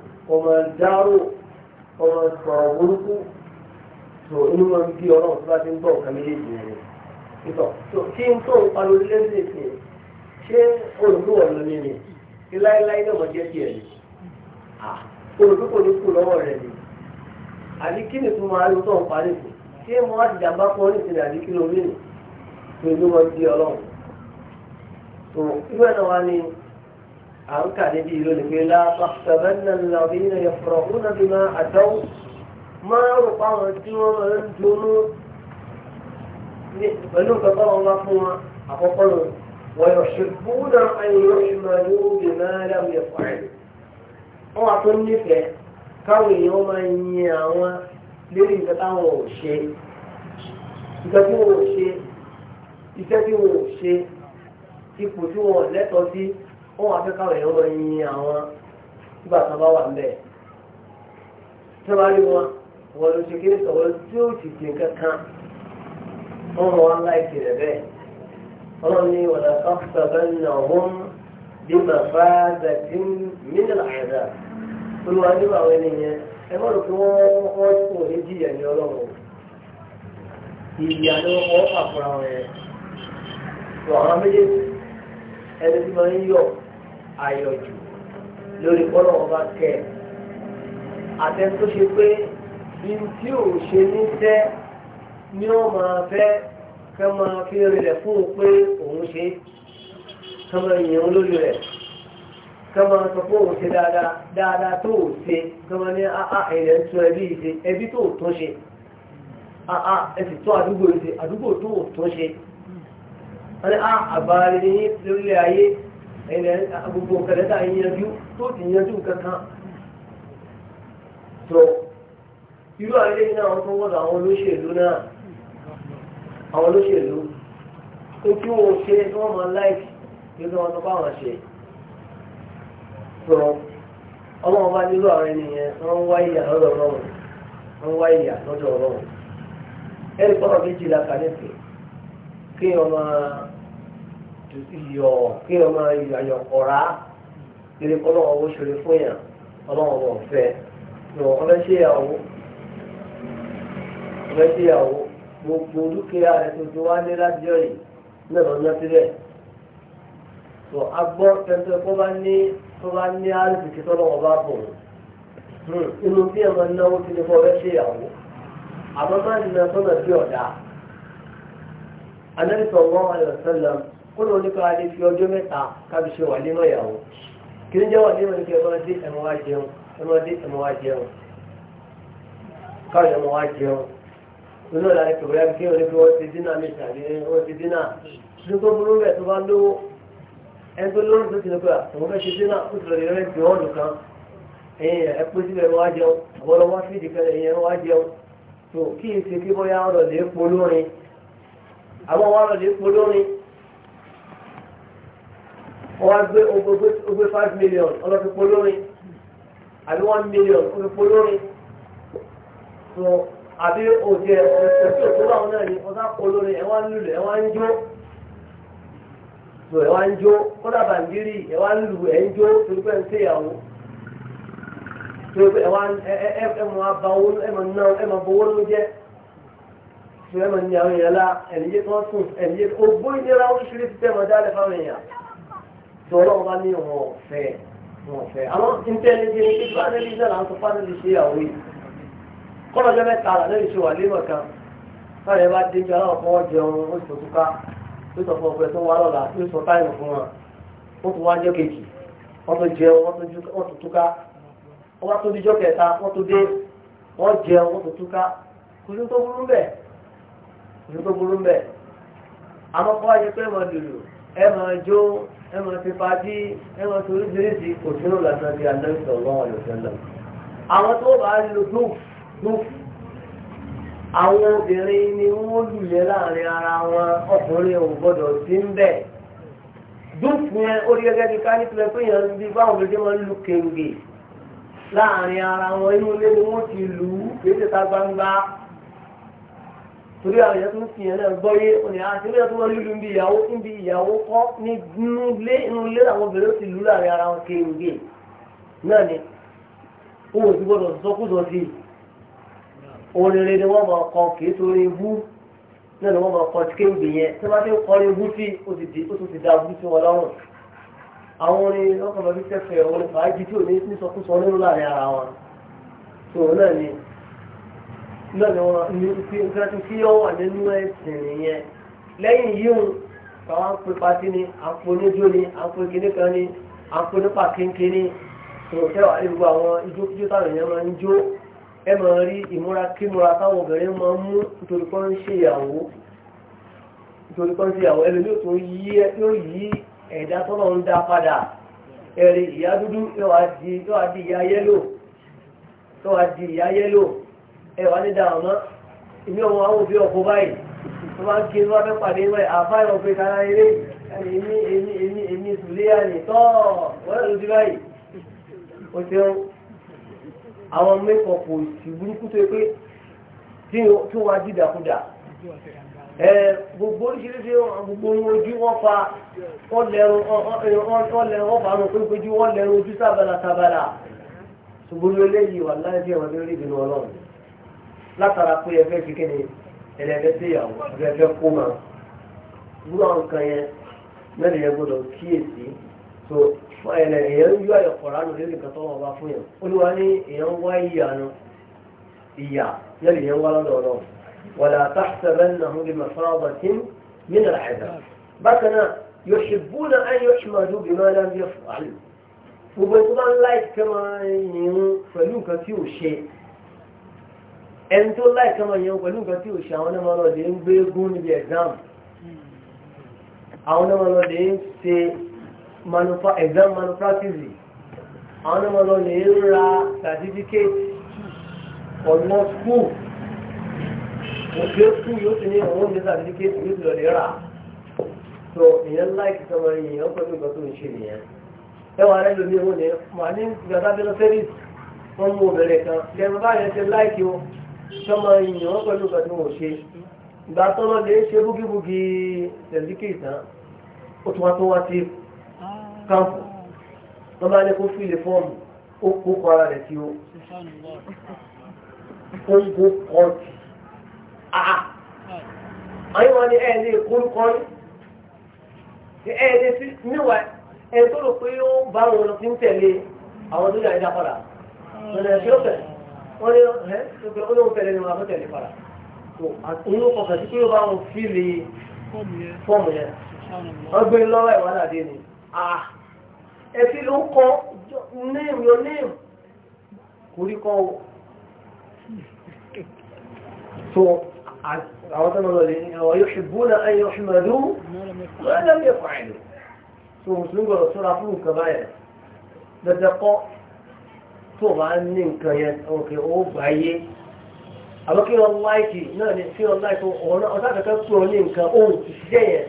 Speaker 1: ọmọ dárò ọmọ sọ̀rọ̀ burúkú tó inú wọn bí ọlọ́run tó bá ti ń gbọ́ nǹkan méjèèjì rẹ̀ ìtọ̀ tó kí n tó ń pariwo lílé ní ìsìn ṣé olùdókòwò ló ní ni kí láéláé náà mọ̀ jẹ́ tiẹ̀ ni olùdókòwò ní kù lọ́wọ́ rẹ̀ ni àbí kí ni tó máa ń tó ń parí kù ṣé mo wá ti dàgbà fún ọ ní ìsìn àbí kí ló rí ni tó inú wọn bí ọlọ́run tó ìwé náà wá ní àwọn kàdé bí ìlú ni pé látàkùtàbẹ́nà làbínà yẹ̀fọ̀rọ̀ òun náà bí máa àdáwò máa rò páwọn tí wọ́n máa ń dunú pẹ̀lú nǹkan tó wọn bá fún wọn àkọ́kọ́ lọ wọ́n yọ̀ ṣubú náà ayọ̀ ìmọ̀ yóò bí máa dáwò yẹ̀fọ̀ rẹ̀ wọ́n wà tó nífẹ̀ẹ́ káwọn èèyàn máa yin àwọn lórí nǹkan táwọn ò ṣe nǹkan tí wọn ò ṣe iṣẹ́ tí wọn ò ṣe ipò tí wọn lẹ́tọ̀ọ́ sí ó wà fẹ́ káwọn èèyàn yin àwọn nígbà tó bá wà níbẹ̀ tó bá rí wọn wọn ló ṣe kéré sọ̀rọ̀ tí ó sì ti nǹkan kan wọn mọ láìsí rẹ̀ bẹ́ẹ̀ wọn ní wọn lọ sọ sọ̀rọ̀ náà wọn bí bàbá àti mílíọ̀nù àyàdá olùwà nígbà àwọn ènìyàn ẹ má rò wọ́n wọ́n kò ní jìyà ní ọlọ́run ìyá ni wọ́n fà fúnra wọn yẹn. Àwọn méjèèjì ẹni tí wọ́n ń yọ̀ àyọ̀jù lórí kọ́lọ̀ ọba kẹ́ ẹ̀ àtẹ́ni ṣe pé bí tí ò ṣe ní fẹ́ ni ó máa fẹ́ kẹ́ máa fi rinlẹ̀ fún un pé òun ṣe kẹ́ máa yìn lórí rẹ̀ kẹ́ máa sọ pé òun ṣe dáadáa dáadáa tó ò ṣe kẹ́ máa ní áá ah, ah, ẹ̀rẹ̀ ń tún ẹbí ṣe ẹbí tó ò tún ṣe áá ah, ẹsì tún àdúgbò ṣe àdúgbò tó ò tún ṣe wọ́n ní á àgbára ní lórílẹ̀ ayé ẹ̀rẹ̀ gbogbo kẹ̀lẹ́tà ìyanjú tó ti yanjú kankan tó irú àrílẹ̀ iná àwọn tó wọ́n àwọn olóṣèlú náà àwọn olóṣèlú tó kí wọ́n ṣe tí wọ́n máa láìkì nínú wọn tó bá wọn ṣe tó ọlọ́run bá nílò àwọn ènìyàn wọ́n ń wá ìyà lọ́dọ̀ ọlọ́run wọ́n ń wá ìyà lọ́dọ̀ ọlọ́run ẹ̀rí pọ́nà méjìlá kànífì kí wọ́n máa iyọ̀ kí ọmọ iyọ̀ àyọ̀kọ̀rá kiri kọ́ lọ́wọ́ owó ṣòro fún yàn ọlọ́wọ́ bọ̀ fẹ́ ọlọ́ṣẹ́yàwó ọlọ́ṣẹ́yàwó gbogbo dúkìá rẹ̀ tuntun wá ní lájọ́ yìí náà lọ́ọ́ ná sílẹ̀ tó a gbọ́ tẹ́tẹ́ kó bá ní tó bá ní àrùbìkì tó lọ́wọ́ bá bọ̀ hmm, inú bí ẹ̀mọ náwó ti ní kọ́ ọlọ́ṣẹ́yàwó àmọ́ má nà sọ́nà bí ọ̀dà anẹ́sọ̀ wọ́n ayọ̀ sẹ́lẹ̀mù ó lóun ní ká lè fi ọjọ́ mẹ́ta kábi ṣe wà nínú ìyàwó kí ní jẹ́ wà nínú ìkẹ́ ẹ máa dé ẹ máa wá jẹun ẹ máa dé ẹ jẹun káwọn ẹ jẹun inú ọ̀la ni kòkòrò yàtọ̀ kí wọ́n ní kí wọ́n ti dínà mi tàbí wọ́n ti dínà ní kó burú bẹ̀ tó bá lówó ẹ tó lórí tó ti ní pé àwọn fẹ́ ti dínà ó ti lọ ìrẹ́lẹ̀ jù ọ́ nìkan ẹ̀yìn ẹ pé ẹ̀yìn wọ́n wọ́n á gbé ogbe five million ọlọ́fi polórin àbí one million ọlọ́fi polórin so àbí òjẹ ẹ̀sìn òtún báwọn náà ni ọ̀sán polórin ẹ̀ wá ń lulẹ̀ ẹ̀ wá ń jó so ẹ̀ wá ń jó kọ́dà bàǹgírì ẹ̀ wá ń lu ẹ̀ ń jó torí pé ń ṣèyàwó tó ẹ wá ẹ mọ abawó ẹ mọ ná ẹ mọ bowó ló jẹ tó ẹ mọ ní àwọn èèyàn la ẹnìyẹ tó sùn ẹnìyẹ tó gbó ìnira oríṣiríṣi tẹ mọ dálẹ fáwọn èèyàn tí ọlọ́run bá ní ọmọ ọ̀fẹ́ wọn fẹ́ àwọn ìtẹ́lẹ̀ bí ẹni bá lẹ́yìn náà láǹtọ́ fánẹ́lì ṣe ìyàwó yìí kọ́nà jẹ́ mẹ́ta lẹ́yìn ṣe wà lémọ̀ kan báyìí bá dé bí aláwọ̀ kan jẹun ó sì tuka ó sọ fún ọgbẹ́ tó wà lọ́la ó sọ táìmù fún wọn ó tún wá jẹ́ kejì wọ́n tó jẹun wọ́n tó tuka wọ́n bá tó dijọ́ kẹta wọ́n tó dé wọ́n jẹun wọ́n tó tuka kò sí tó burú bẹ́ẹ̀ kò sí tó burú bẹ́ẹ̀ àmọ́ kọ́ yẹ pé ẹ máa lòlò ẹ máa jó ẹ máa ti fàájì ẹ máa torí jíríṣì kò sínú làtà ti àdẹ́sọ̀ lọ́wọ́ àyọ̀sẹ́lẹ̀ àwọn tó bá lo dúf àwọn obìnrin ni wọ́n lùyẹ láàrin ara wọn ọkùnrin ò gbọ́dọ̀ sí ń bẹ̀ dúf yẹn ó rí gẹ́gẹ́ bí ká ní tilẹ̀ pé yẹn bí báwọn obìnrin máa ń lu kéńgè láàrin ara wọn inú ilé ni wọ́n ti lù ú kì ta gbangba torí àwọn èèyàn tó ń fi yẹn náà gbọ́yé òní àti ah, ilé tó wọ́n lílu níbi ìyàwó níbi ìyàwó kọ́ ní inú ilé inú ilé làwọn obìnrin ó ti lù láàrin ara wọn kéwìgbé náà ni owó ti gbọ́dọ̀ sọ́kùsọ sí i oríire ni wọ́n máa kọ kìí torí ibú náà ni wọ́n máa kọ kéwìgbé yẹn tí wọ́n bá ti kọ́ ní ibú sí ó ti di ó ti da ibú sí wọn lọ́rùn àwọn orin ọkọ̀ bàbí sẹ́fẹ̀ẹ́ orin fàájì tí ò náà ni wọ́n fi nǹkan tí ó wà nínú ẹ̀sìn nìyẹn lẹ́yìn yíyún àwọn ni àpòníjó ni àpòkìnìkan ni àpònípa ni tòótẹ́ wà ní gbogbo àwọn ijó kíjó táwọn èèyàn máa ń jó ẹ máa rí ìmúra kímúra táwọn obìnrin máa ń mú nítorí pé ń ṣe ìyàwó nítorí pé ń ṣe ìyàwó ẹlòmíì tó yí ẹ̀dá tọ́lọ́ ń dá padà ẹ̀rí ìyá dúdú yóò wá di di ìyá yẹ́lò ẹwà ní dáhùn náà ìmí ọmọ àwọn òbí ọkọ báyìí tó bá ń kí inú afẹ́ pàdé wẹ̀ àfáìmọ̀ pé kára eré èmi èmi èmi èmi sùlẹ́yà ní tọ́ wọ́n lò sí báyìí o ṣeun àwọn mẹ́kọ̀ọ̀pù òsì burúkú tó yẹ pé tí wọ́n á dìdàkudà gbogbo oríṣiríṣi gbogbo ojú wọn fa wọn lẹrun wọn fa wọn pé ojú wọn lẹrun ojú sábàlà sábàlà ṣùgbọ́n eléyìí wà láti ẹ̀wọ̀n lórí ìdènà ọlọ́run látara pé ẹ fẹ́ fi kí ni ẹlẹ́fẹ́ sí ìyàwó ẹ fẹ́ kó ma gbúdọ̀ nǹkan yẹn mẹ́rin yẹn gbọ́dọ̀ kíyèsí tó ẹ̀lẹ́ èèyàn yọ àyọ̀kọ̀rọ̀ àná lórí nǹkan tó wọn bá fún yẹn olúwa ní èèyàn wá ìyà nu ìyà mẹ́rin yẹn wá lọ́dọ̀ ọ̀rọ̀ wàlá tahsabannahu bi mafadatin min al-'adab bákan náà yuhibbuna an yuhmadu bima lam yaf'al gbogbo ìtura ńlá ìkẹmọ ẹ̀yìn pẹ̀lú nǹkan tí ò ṣe ẹni tó láìka máa yẹn pẹ̀lú nǹkan tí ò ṣe àwọn náà lọ́dẹ ń gbé gún níbi exam àwọn náà lọ́dẹ ń ṣe exam manufacturing àwọn náà lọ́dẹ ń ra certificate ọ̀nà school òkè school yóò ti ní àwọn oúnjẹ certificate yóò ti lọ́dẹ rà so ìyẹn láìka tó máa yẹn pẹ̀lú nǹkan tó ń ṣe nìyẹn ẹwà rẹ lómi ìwọ̀n ni màá ní ìgbàdá bẹ́lẹ́ fẹ́rìsì wọ́n mú obìnrin kan lẹ́nu sọmọ ìyàn wọn pẹ̀lú nǹkan tí wọn ò ṣe ìgbà tó lọ lè ṣe búgíbúgí tẹ̀síkì ìtàn ó tún wá tó wá sí káàpù wọn bá ní kó fìlè fọ́ọ̀mù ó kó kọ ara rẹ̀ sí o ó ń kó kọ́ọ̀tì àá àwọn wọn ni ẹ̀ lè kórúkọ yìí ẹ̀ lè sí níwàá ẹ̀ tó rò pé ó bá wọn lọ sí ń tẹ̀lé àwọn tó yà ẹ̀ dá padà lọ́dọ̀ ẹ̀ kí ó fẹ̀ wọ́n ní ẹ́ pé ó lóun tẹ̀lé ni wọn àbọ̀tẹ̀lé padà tó àtúnú kọkàn sí pé ó bá wọn fíìlì fọ́ọ̀mù yẹn wọ́n gbé lọ́wọ́ ìwà àdé ni
Speaker 2: ah! ẹ fi ló ń kọ name your name
Speaker 1: kò rí kọ́ o so àwọn tó ń lọ lè ní àwọn yóò ṣubú náà ẹ̀yìn ọ̀ṣunmọ̀dú
Speaker 2: wọ́n lè mẹ́fà ẹ̀lú
Speaker 1: so mùsùlùmí gbọ́dọ̀ sọ́ra fún nǹkan báyẹn dandan kọ́ tó o bá ní nǹkan yẹn òkè ó gbà yé àmọ́ kí wọ́n láìkì náà ní kí wọ́n láìkì ọ̀nà ọ̀tá kankan tó o ní nǹkan ó ti ṣiṣẹ́ yẹn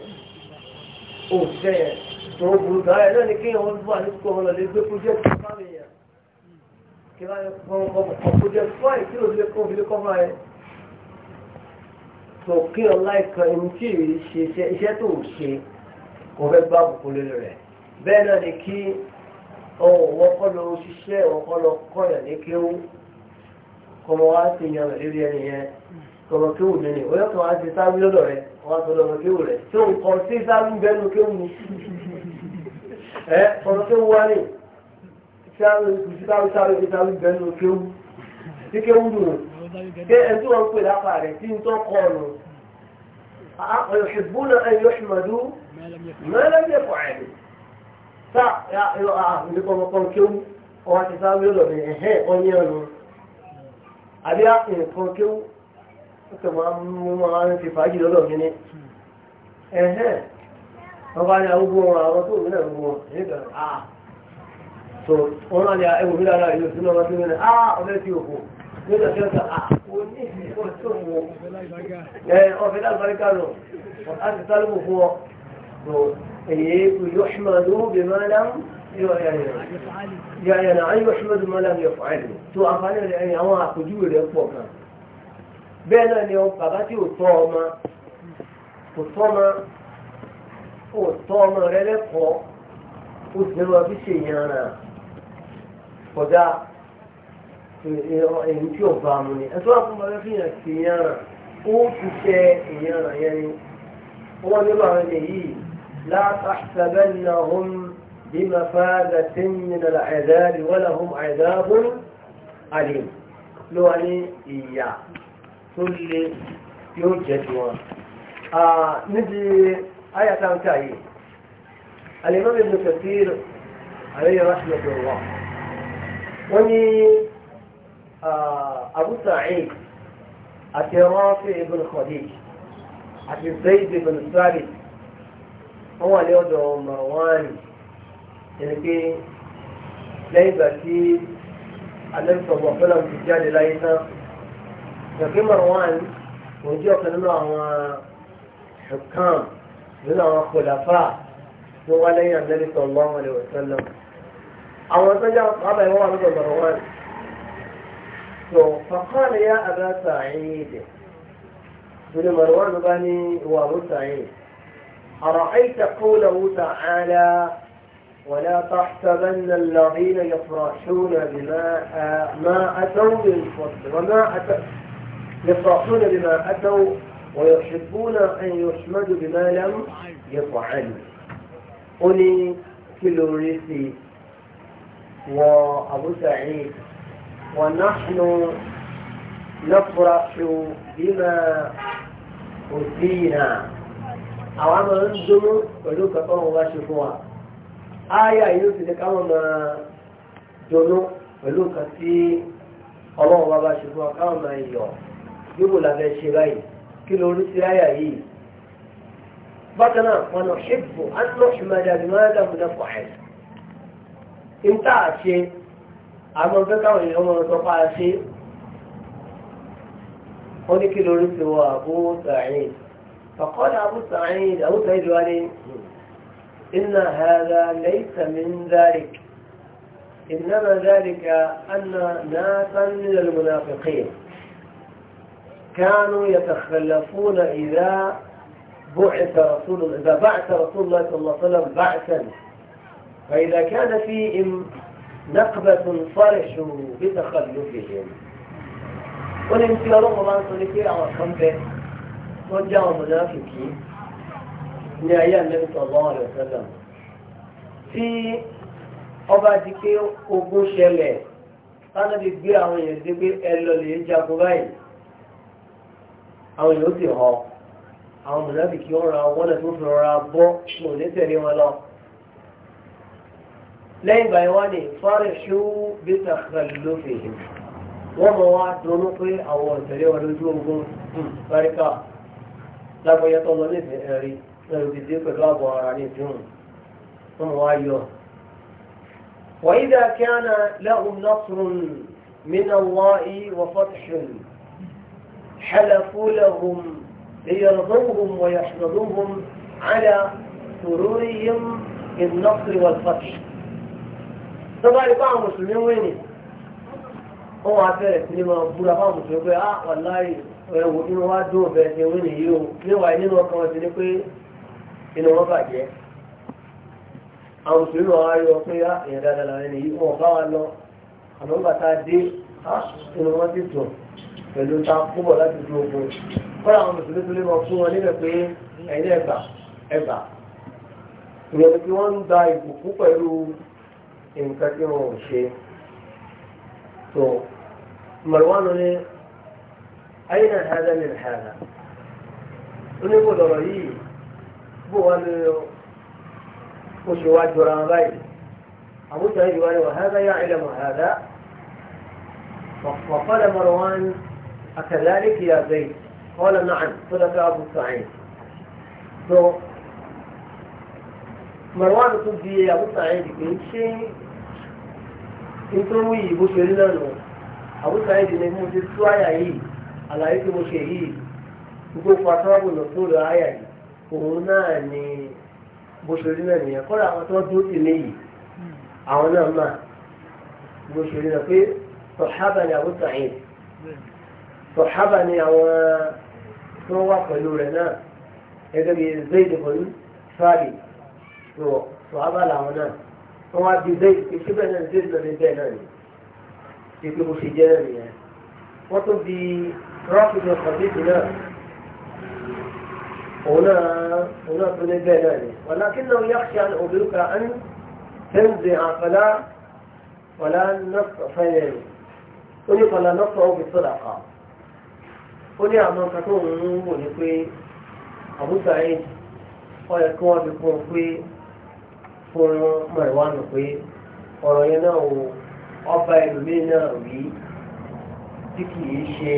Speaker 1: ó ti ṣiṣẹ́ yẹn tó o burú gan náà ní kí wọ́n wà ní kó wọn lọ lè gbé pọ́jẹ́tì fáwọn èèyàn kí wọ́n kọ́ pọ́jẹ́tì fún àìsí òfìlé kọ́ òfìlé kọ́ fún àìsí tó kí ọlá ìkan ẹni tí ìrì ṣe ọ̀hún wọ́n kọ́ lọ ṣiṣẹ́ wọ́n kọ́ lọ kọ́yà ní kéwú kọ́mọ wá sí yan rẹ̀ lórí ẹni yẹn kọ́mọ kéwú ní ni oyún kan wá sí sáré lọ́dọ̀ rẹ̀ wọ́n á sọ lọ́mọ kéwú rẹ̀ tí òun kọ́ sí sáré ń bẹ́nu kéwú ni ẹ ọ̀rọ̀ kéwú wá ní sáré sáré sáré sáré bẹ́nu kéwú
Speaker 2: tí kéwú dùn ké ẹ
Speaker 1: tí pè lápá rẹ̀ tí ń tọ́ kọ́ ọ̀nà ọ̀yọ̀ ṣùgbọ́n ẹ̀yọ̀ ṣùmọ̀dú mẹ́lẹ́mẹ́fọ̀ ẹ̀dùn tá ìdíkọ̀ ọmọkan kéwú ọwọ́ ti sáré lọ ní ẹ̀hẹ́ ọyẹ́ ọ̀nà àbí nǹkan kéwú ó tẹ̀ máa ń mú máa ń fi fàájì lọ́dọ̀ mi ní ẹ̀hẹ́ ọba ní arúgbó wọn àwọn tó òmìnira gbogbo wọn nígbà áà so wọn náà ní ẹwù mi dára ìlú sínú ọmọ tó mi ní áà ọbẹ̀ tí òkú nígbà tí ó sà áà ó ní ìfọ̀ tó wọ ọ̀fẹ́ lágbàríkà lọ ọ̀tá ti sáré يحمد بما لم يعني أن يحمد ما لم يفعله تو أفعله يعني أما أخجوه لأفوك بين أن يوقفتي وطوما وطوما وطوما للقو وطوما بسيانا فدا èyí tí ò bá mu ni ẹ̀tọ́ àkùnbọ̀lẹ́ fi hàn sí yàrá ó ti لا تحسبنهم بمفادة من العذاب ولهم عذاب أليم لو أني إياه كل يوجد آه نجي آية تانتاهي الإمام ابن كثير عليه رحمة الله وني آه، أبو سعيد أتي رافع بن خديج أتي زيد بن ثالث wọ́n wà ní ọ̀dọ̀ Marwan ẹni pé lẹ́yìn ìgbà tí alẹ́sọ̀gbọ̀ fẹ́lá ti jáde láyé tán ìgbàgbé Marwan òun jẹ́ ọ̀kan nínú àwọn ṣùkàn nínú àwọn kòlàfà tó wá lẹ́yìn àdẹ́lẹ́sọ̀ lọ́wọ́ rẹ̀ wọ̀sẹ́lẹ̀ àwọn tó jẹ́ àbá ìwọ́n wà lọ́dọ̀ Marwan tó fàkọ́ọ̀lẹ́yà Aba Sa'id ìdè ìdè أرأيت قوله تعالى ولا تحسبن الذين يفرحون بما ما أتوا من فضل وما أتوا يفرحون بما أتوا ويحبون أن يحمدوا بما لم يفعلوا أولي كيلوريسي وأبو سعيد ونحن نفرح بما أتينا àwọn àmọ́ ń dúró pẹ̀lú kẹfọ́ wọn wá ṣe fún wa ááyà yìí ó ti ní káwọn máa dùnnú pẹ̀lú nǹkan tí ọlọ́run bá bá ṣe fún wa káwọn máa yọ̀ yóò la fẹ́ ṣe báyìí kí ló rí sí ááyà yìí bákan náà wọn lọ ṣèbù ánú ìmọ̀lẹ́ àdìmọ́lẹ́ dàmúdà fọ̀ ẹ̀ ń tà ṣe àmọ́ fẹ́ káwọn èèyàn máa sọ pa ṣe wọ́n ní kí ló rí sí wọn àbó sàáyìn فقال أبو سعيد أبو سعيد الوالي إن هذا ليس من ذلك إنما ذلك أن ناسا من المنافقين كانوا يتخلفون إذا بعث رسول الله إذا بعث رسول الله صلى الله عليه وسلم بعثا فإذا كان فيهم نقبة فرحوا بتخلفهم ولم يروا الله صلى الله عليه tó jẹ́ àwọn mọ̀nàfìkì ní ayé ànábì sallallahu alaihi wasallam tí ọba ti pé ogun ṣẹlẹ̀ tánàbí gbé àwọn èèyàn dé pé ẹ lọ lè jagun báyìí àwọn èèyàn ó sì họ àwọn mọ̀nàfìkì ó ra wọn lè tó fi rọra bọ́ mo ní tẹ̀lé wọn lọ lẹ́yìn ìgbà yẹn wá ní fáríṣú bí tàkàlùfẹ̀ wọ́n mọ̀ wá dùnú pé àwọn ìtẹ̀lé wọn lójú ogun fáríkà. Hmm, وإذا كان لهم نصر من الله وفتح حلفوا لهم ليرضوهم ويحفظوهم على سرورهم بالنصر والفتح طبعا يقع المسلمين وين هو عبارة لما بولا مسلمين آه والله ẹ̀wò inú wa dùn ọ̀bẹ ṣe wí nìyí o níwáyé nínú ọkàn wọn ti ní pé inú wọn bàjẹ́ àwọn òṣèlú náà wá yọ pé ah, èèyàn dáadáa làwọn ẹni yìí wọn bá wa lọ àmọ́ nígbà tá a dé ah, inú wọn ti dùn pẹ̀lú ta púpọ̀ láti dúró fún un kọ́ra àwọn mùsùlùmí tó lé wọn fún wọn níbẹ̀ pé ẹ̀yin ẹ̀bà ẹ̀bà ìyẹn ni pé wọ́n ń gba ìbùkún pẹ̀lú nǹkan tí wọn ò ṣe tó mọ̀lúwánu ni أين هذا من هذا أنا أقول رأيي بغل وشوات جرامي أبو تهي وهذا يعلم هذا وقال مروان أكذلك يا زيد قال نعم قال أبو سعيد تو مروان تبدي يا أبو سعيد كل شيء أنتم وي بوشيلانو أبو سعيد نعم جسوا يا àlàyé tí mo ṣe yìí gbogbo pàtàkì lọ tó lọ àyà yìí òun náà ni bó ṣe rí náà nìyẹn kọ́ra àwọn tó dúró sí mi yìí àwọn náà mà bó ṣe rí náà pé sọ̀hábà ni àwọn sàyìn sọ̀hábà ni àwọn tó wà pẹ̀lú rẹ̀ náà gẹ́gẹ́ bí zayd bin sáàlì tó sọ̀hábà làwọn náà wọ́n wá di zayd ìṣúbẹ̀ náà zayd náà ní bẹ́ẹ̀ náà ni ìpè bó ṣe jẹ́ náà nìyẹn wọ́n tó di rọ́ọ̀kì náà kọ̀díìtì náà òun náà òun náà tó ní bẹ́ẹ̀ náà ni ولكنه يخشى أن أدرك أن تنزع فلا فلا نفع فين ó ní fọlá lọ́pọ̀ òbí sọ̀rọ̀ kan ó ní àwọn kan tó ń wò ní pé àbúgbà yìí ó yẹ kí wọ́n fi kún un pé fún mọ̀rẹ́wá nù pé ọ̀rọ̀ yẹn náà ò ọba ẹlòmíín náà rí tí kì í ṣe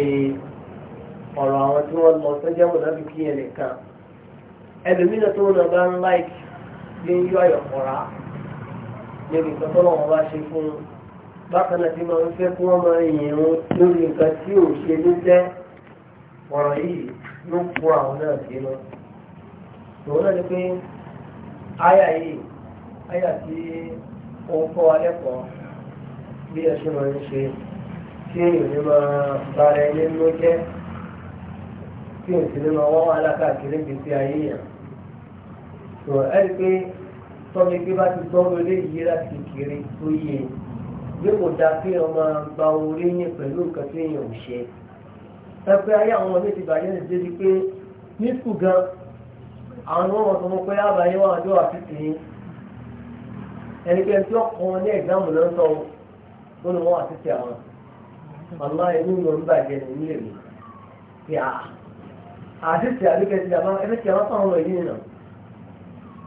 Speaker 1: ọ̀rọ̀ àwọn tí wọ́n lọ sọ́jà wò lábí kí ẹnìkan ẹlòmínà tó wọn bá ń láìkì bí ń yọ àyọ̀kọ̀rá níbi nǹkan tó lọ́wọ́ bá ṣe fún un bákan náà tí máa ń fẹ́ kí wọ́n máa yìn ún lórí nǹkan tí ò ṣe ló jẹ́ ọ̀rọ̀ yìí ló kó àwọn náà sínú tòun náà ni pé áyà yìí áyà tí ó ń kọ́ alẹ́kọ̀ọ́ bí ẹ ṣe máa ń ṣe tí èèyàn ní máa bára ẹni ló jẹ́ tí ò sì ní máa wá wàhálà káàkiri gbèsè ayé yẹn. tó ẹni pé tọ́mi pé bá ti tọ́rọ eléyìí láti kiri tó yé bí kò dáa kí ọmọ gba orí yín pẹ̀lú nǹkan tí èèyàn ò ṣe. ẹ pé ayé àwọn ọmọdé ti bàjẹ́ ní débi pé ní sùn gan àwọn ọmọ wọn sọ fún pé àbáyé wà ọjọ́ àtìsí yín ẹnikẹ́ni tí wọ́n ní ẹ̀gbáàmù náà sọ wọn ni wọ́n àtìsí àwọn màmá inú yóò ń bàjẹ́ ní ilé mi pé à àdìsí àbíkẹ́sí àbá ẹgbẹ́ tí a máa fáwọn ọmọ ìdí nìyàn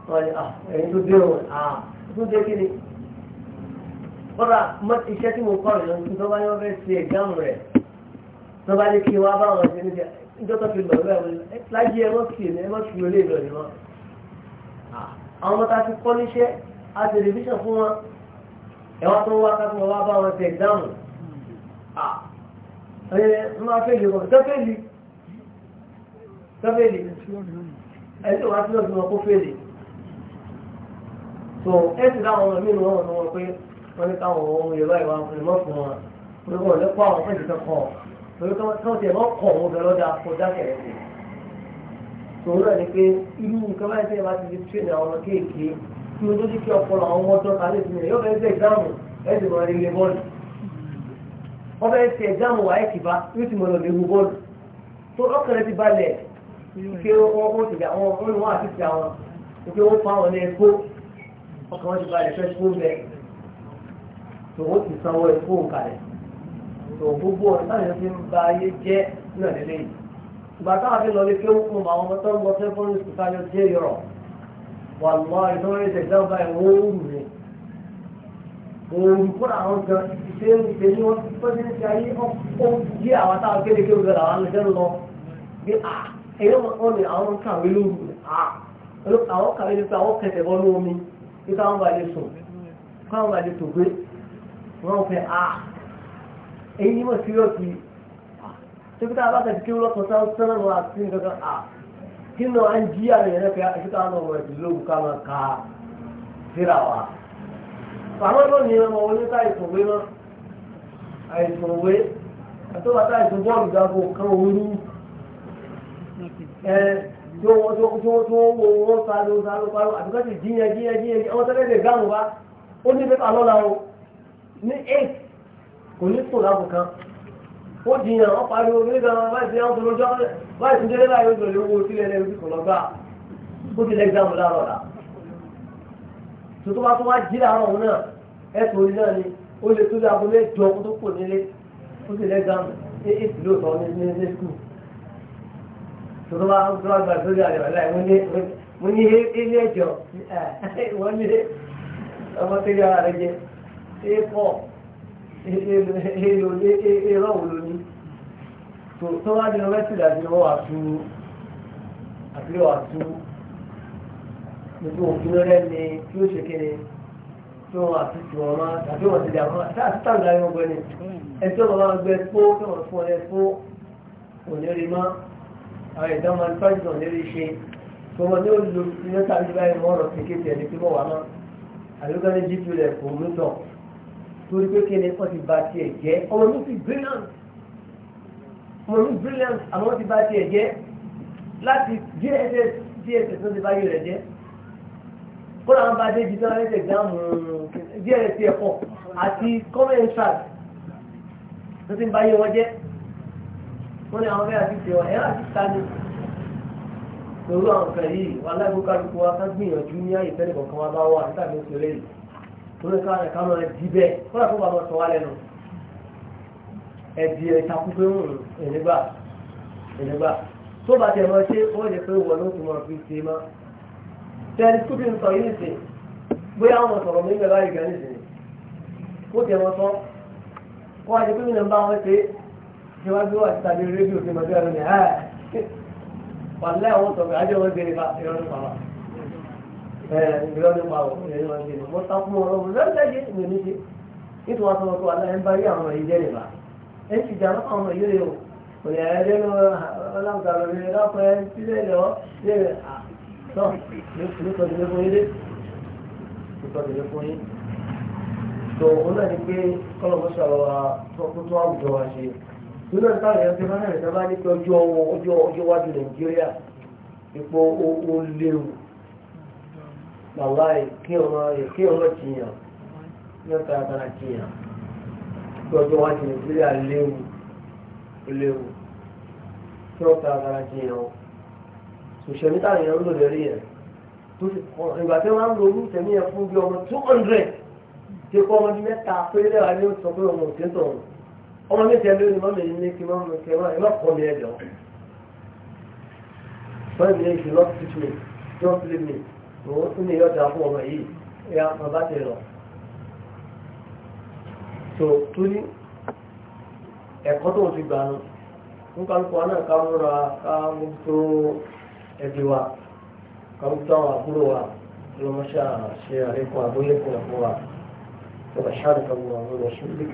Speaker 1: wọ́n ah, ni ẹ̀yin tó dé wọn à ah, tó dé kí ni kọ́ra iṣẹ́ tí mo kọ́ rẹ̀ lọ́nà tó bá ní wọ́n fẹ́ ṣe ẹ̀gáàmù rẹ̀ tó bá ní kí wọ́n bá wọn ṣe níbi ìjọ́tọ̀ fi lọ bẹ́ẹ̀ wọ́n eh, láyé ẹ̀rọ sí ẹ̀mí ẹ̀rọ sí olè lọ ni wọ́n. Ah, àwọn ọmọ ta ti kọ́ níṣẹ́ a tẹlifíṣàn fún wọn ẹ̀wọ́n tó wá ká fún wọn wá bá wọn ṣe ẹ̀gáàmù ẹ̀ máa fẹ́ yìí wọ́n tẹ́fẹ́lì tẹ́fẹ́lì ẹni tó wá sí lọ́sí wọn kó fẹ́lì tó ẹ̀sìn láwọn ọmọ mi wọ́n wọ́n pé wọ́n ní káwọn ohun yẹ̀rọ ìwà ìmọ̀ fún wọn pé wọ́n lẹ́kọ́ àwọn fẹ́ẹ̀sì kan kọ̀ pé káwọn tiẹ̀ mọ́ kọ̀ wọn bẹ̀rẹ̀ lọ́dà kọjá kẹ̀rẹ́sì tòun náà ni pé irú nǹkan báyìí tẹ́lẹ̀ bá ti di tírénì wọ́n fẹ́ ṣe ẹ̀gáàmù wáyé kìfà yóò ti mọ̀lọ́ lè hu bọ́ọ̀lù tó ọkùnrin ti balẹ̀ pé wọ́n wọ́n ti dà wọ́n wọ́n ni wọ́n àti ti àwọn pé wọ́n fa àwọn ẹ̀kọ́ ọkùnrin wọn ti balẹ̀ fẹ́ kó mẹ́ tó wọ́n ti sanwó ẹ̀kọ́ òǹkàlẹ̀ tó gbogbo ọ̀nà yẹn ti ń ba ayé jẹ́ náà lélẹ̀ yìí ìgbà táwọn fi lọ lé pé wọ́n mọ àwọn tó ń lọ fẹ́ fọ́nrún sùkúrú òun fúnra àwọn gan ṣé ń ṣe ní wọn tó ṣe ń ṣe ayé ó yé àwọn táwọn kéékèèké ń gbẹdà àwọn ẹgbẹ́ lọ bí a èyí wọn ni àwọn kàwé lóru a àwọn kàwé lóru àwọn kẹsẹ̀ bọ́ ní omi kí káwọn bá lè sùn káwọn bá lè tò pé wọn fẹ́ a èyí ni wọn ti yọ sí tókítà abákàtí kí wọn kọ sáwọn sẹ́nà lọ àti nǹkan kan a kí ni wọn á ń jí àrẹ yẹn náà fẹ́ àti káwọn ọmọ rẹ̀ lóru káwọn ká síra wa bàmọ́ lónìí ọmọ wọlé tá ìsòwé náà àìsòwé àtọ́bàtà àìsòwé bọ́ọ̀lù ìdàgbò kan òru ẹ tó wọ́n tó wọ́n tó wọ́n wọ́n sáré wọ́n sáré parọ́ àtúkọ́ sì jíyẹn jíyẹn jíyẹn ọmọ tẹ́lẹ̀ lè gáàmù wá ó ní pépà lọ́la o ní eight kò ní sùn láàbù kan ó jiyàn ó pariwo ní gan báyìí ti ń tó lójọ́ báyìí ti ń délé báyìí ó jọ lè wo sílẹ̀ lẹ́yìn ojú kò lọ́gbà ó ti lẹ́gbàmù láàrọ̀ la tó tó bá tó wá jí làárọ̀ òun náà ẹ̀ torí náà ni ó lè tó lé abúlé jọ kó tó pò nílé ó sì lẹ́gàmù eight lóòótọ́ ní ní skul tòtò bá ń tó àgbà sórí àlè wàlá ẹ̀ mo ní ilé ẹ̀jọ̀ wọ́n ní ọmọ tẹ́lẹ̀ ara rẹ̀ jẹ́ ẹ pọ̀ ẹ rọ̀wù lóní tó tó wá di ọmọ ẹ̀sìn àti ọwọ́ àtú àti ọwọ́ àtú gbogbo òfin rẹ ni tí ó ṣe kéde tí wọn àti tí wọn máa tàbí wọn ti dà wọn àti táǹgà yóò gbẹ ni ẹni tí wọn máa gbẹ fó tí wọn fún ẹ fó òlérí mọ àwọn ìdá wọn fáìsì òlérí ṣe tí wọn ní olùlò iná tàbí báyìí wọn ọ̀rọ̀ kékeré ẹni tí wọn wà mọ àlùkò ní jíjú rẹ kò mú tọ torí pé kéde wọn ti ba tiẹ̀ jẹ́ ọmọ mi ti brilliant ọmọ mi brilliant àmọ́ ti ba tiẹ̀ jẹ́ láti dss dss ló ti báyìí rẹ jẹ́ bọ́lá wọn bá dé ibi tí wọ́n rẹ́sẹ̀ gbáàmù díẹ̀ sí ẹ̀kọ́ àti comment track tó ti ń bá yé wọn jẹ́ wọ́n ní àwọn fẹ́ àti tẹ̀wọ̀ ẹ̀rọ àti tani pẹ̀lú àwọn nǹkan yìí wà láìpẹ́ kálukú wa ká gbìyànjú ní àyè fẹ́ẹ́ kọ̀ọ̀kan wa bá wà nígbà tó ti rẹ̀ yìí tó ní káwọn ẹ̀ka máa di bẹ́ẹ̀ kọ́lá tó bá máa sọ wá lẹ́nu ẹ̀dì ẹ̀takùnfẹ́ ń ẹ̀nígbà ẹ̀nígbà tó bá tẹ̀ máa ṣe ó lè pé wọ́n tẹ́lẹ̀ tó bí n sọ yìí nìsín bóyá àwọn sọ̀rọ̀ mi ń bẹ̀rẹ̀ láyé gan nìsín kó tẹ̀ wọ́n sọ kó wá pé mi nà ń bá wọn ṣe ṣe wá gbé wà sí tàbí rédíò tí mo bí ọ̀rọ̀ mi ẹ̀ wà láì àwọn sọ̀rọ̀ àjọ wọn gbé nípa ìrọ̀lú pàwọ́ ìrọ̀lú pàwọ́ mo ta fún wọn lọ́wọ́ lọ́sẹ̀yẹ mi ní ṣe nítorí wọn sọ wọn kó wà láì ń bá rí àwọn ọ̀rọ̀ yìí jẹ́ nípa ẹ̀ sì jà àwọn ọ̀rọ̀ yìí rẹ̀ o kò ní ẹ̀rẹ́ tọ́ ní sọ tẹ̀lé fún yín dé ní sọ tẹ̀lé fún yín tó o náà ní pé kọ́lọ̀ mọ́ sọ̀rọ̀ wa tó kó tó àwùjọ wa ṣe tó náà táwọn èèyàn ti máa ń rìn sábà ní pé ọjọ́ ọjọ́ ọjọ́ wájú nàìjíríà ipò ó léwu wàláì kí ọmọ kí ọmọ jiyàn ní ọ̀tá àtàrà jiyàn pé ọjọ́ wájú nàìjíríà léwu léwu kí ọ̀tá àtàrà jiyàn o òṣèlú táwọn èèyàn ń lò lórí ẹ̀ ìgbà tí wọ́n á ń lo orú tẹ̀mí yẹn fún bí ọmọ two hundred tí kọ́ ọmọdé mẹ́ta péré lẹ́wà ní sọ pé ọmọ òkè tó ń ọmọ mi tẹ̀lé ní mọ́mí yìí ní kí mọ́mí kẹ́ wọ́n ẹ̀ má kọ́ mi ẹ̀ jọ. wọ́n mi yìí lọ sí mi just leave me òun tún mi yọ̀ dá fún ọmọ yìí ẹ̀yà bàbá ti rọ̀. tó tó ní ẹ̀kọ́ tó ń ti gbà nù nǹkan kan náà ká múra ká mú tó. ẹbí wa kàwùtọ́ àwọn àbúrò wa ọlọ́mọṣẹ́ ṣe àlékún àbúlékún ẹ̀kọ́ wa tọ́lá ṣáàrì kan wà lórí ọ̀ṣun lé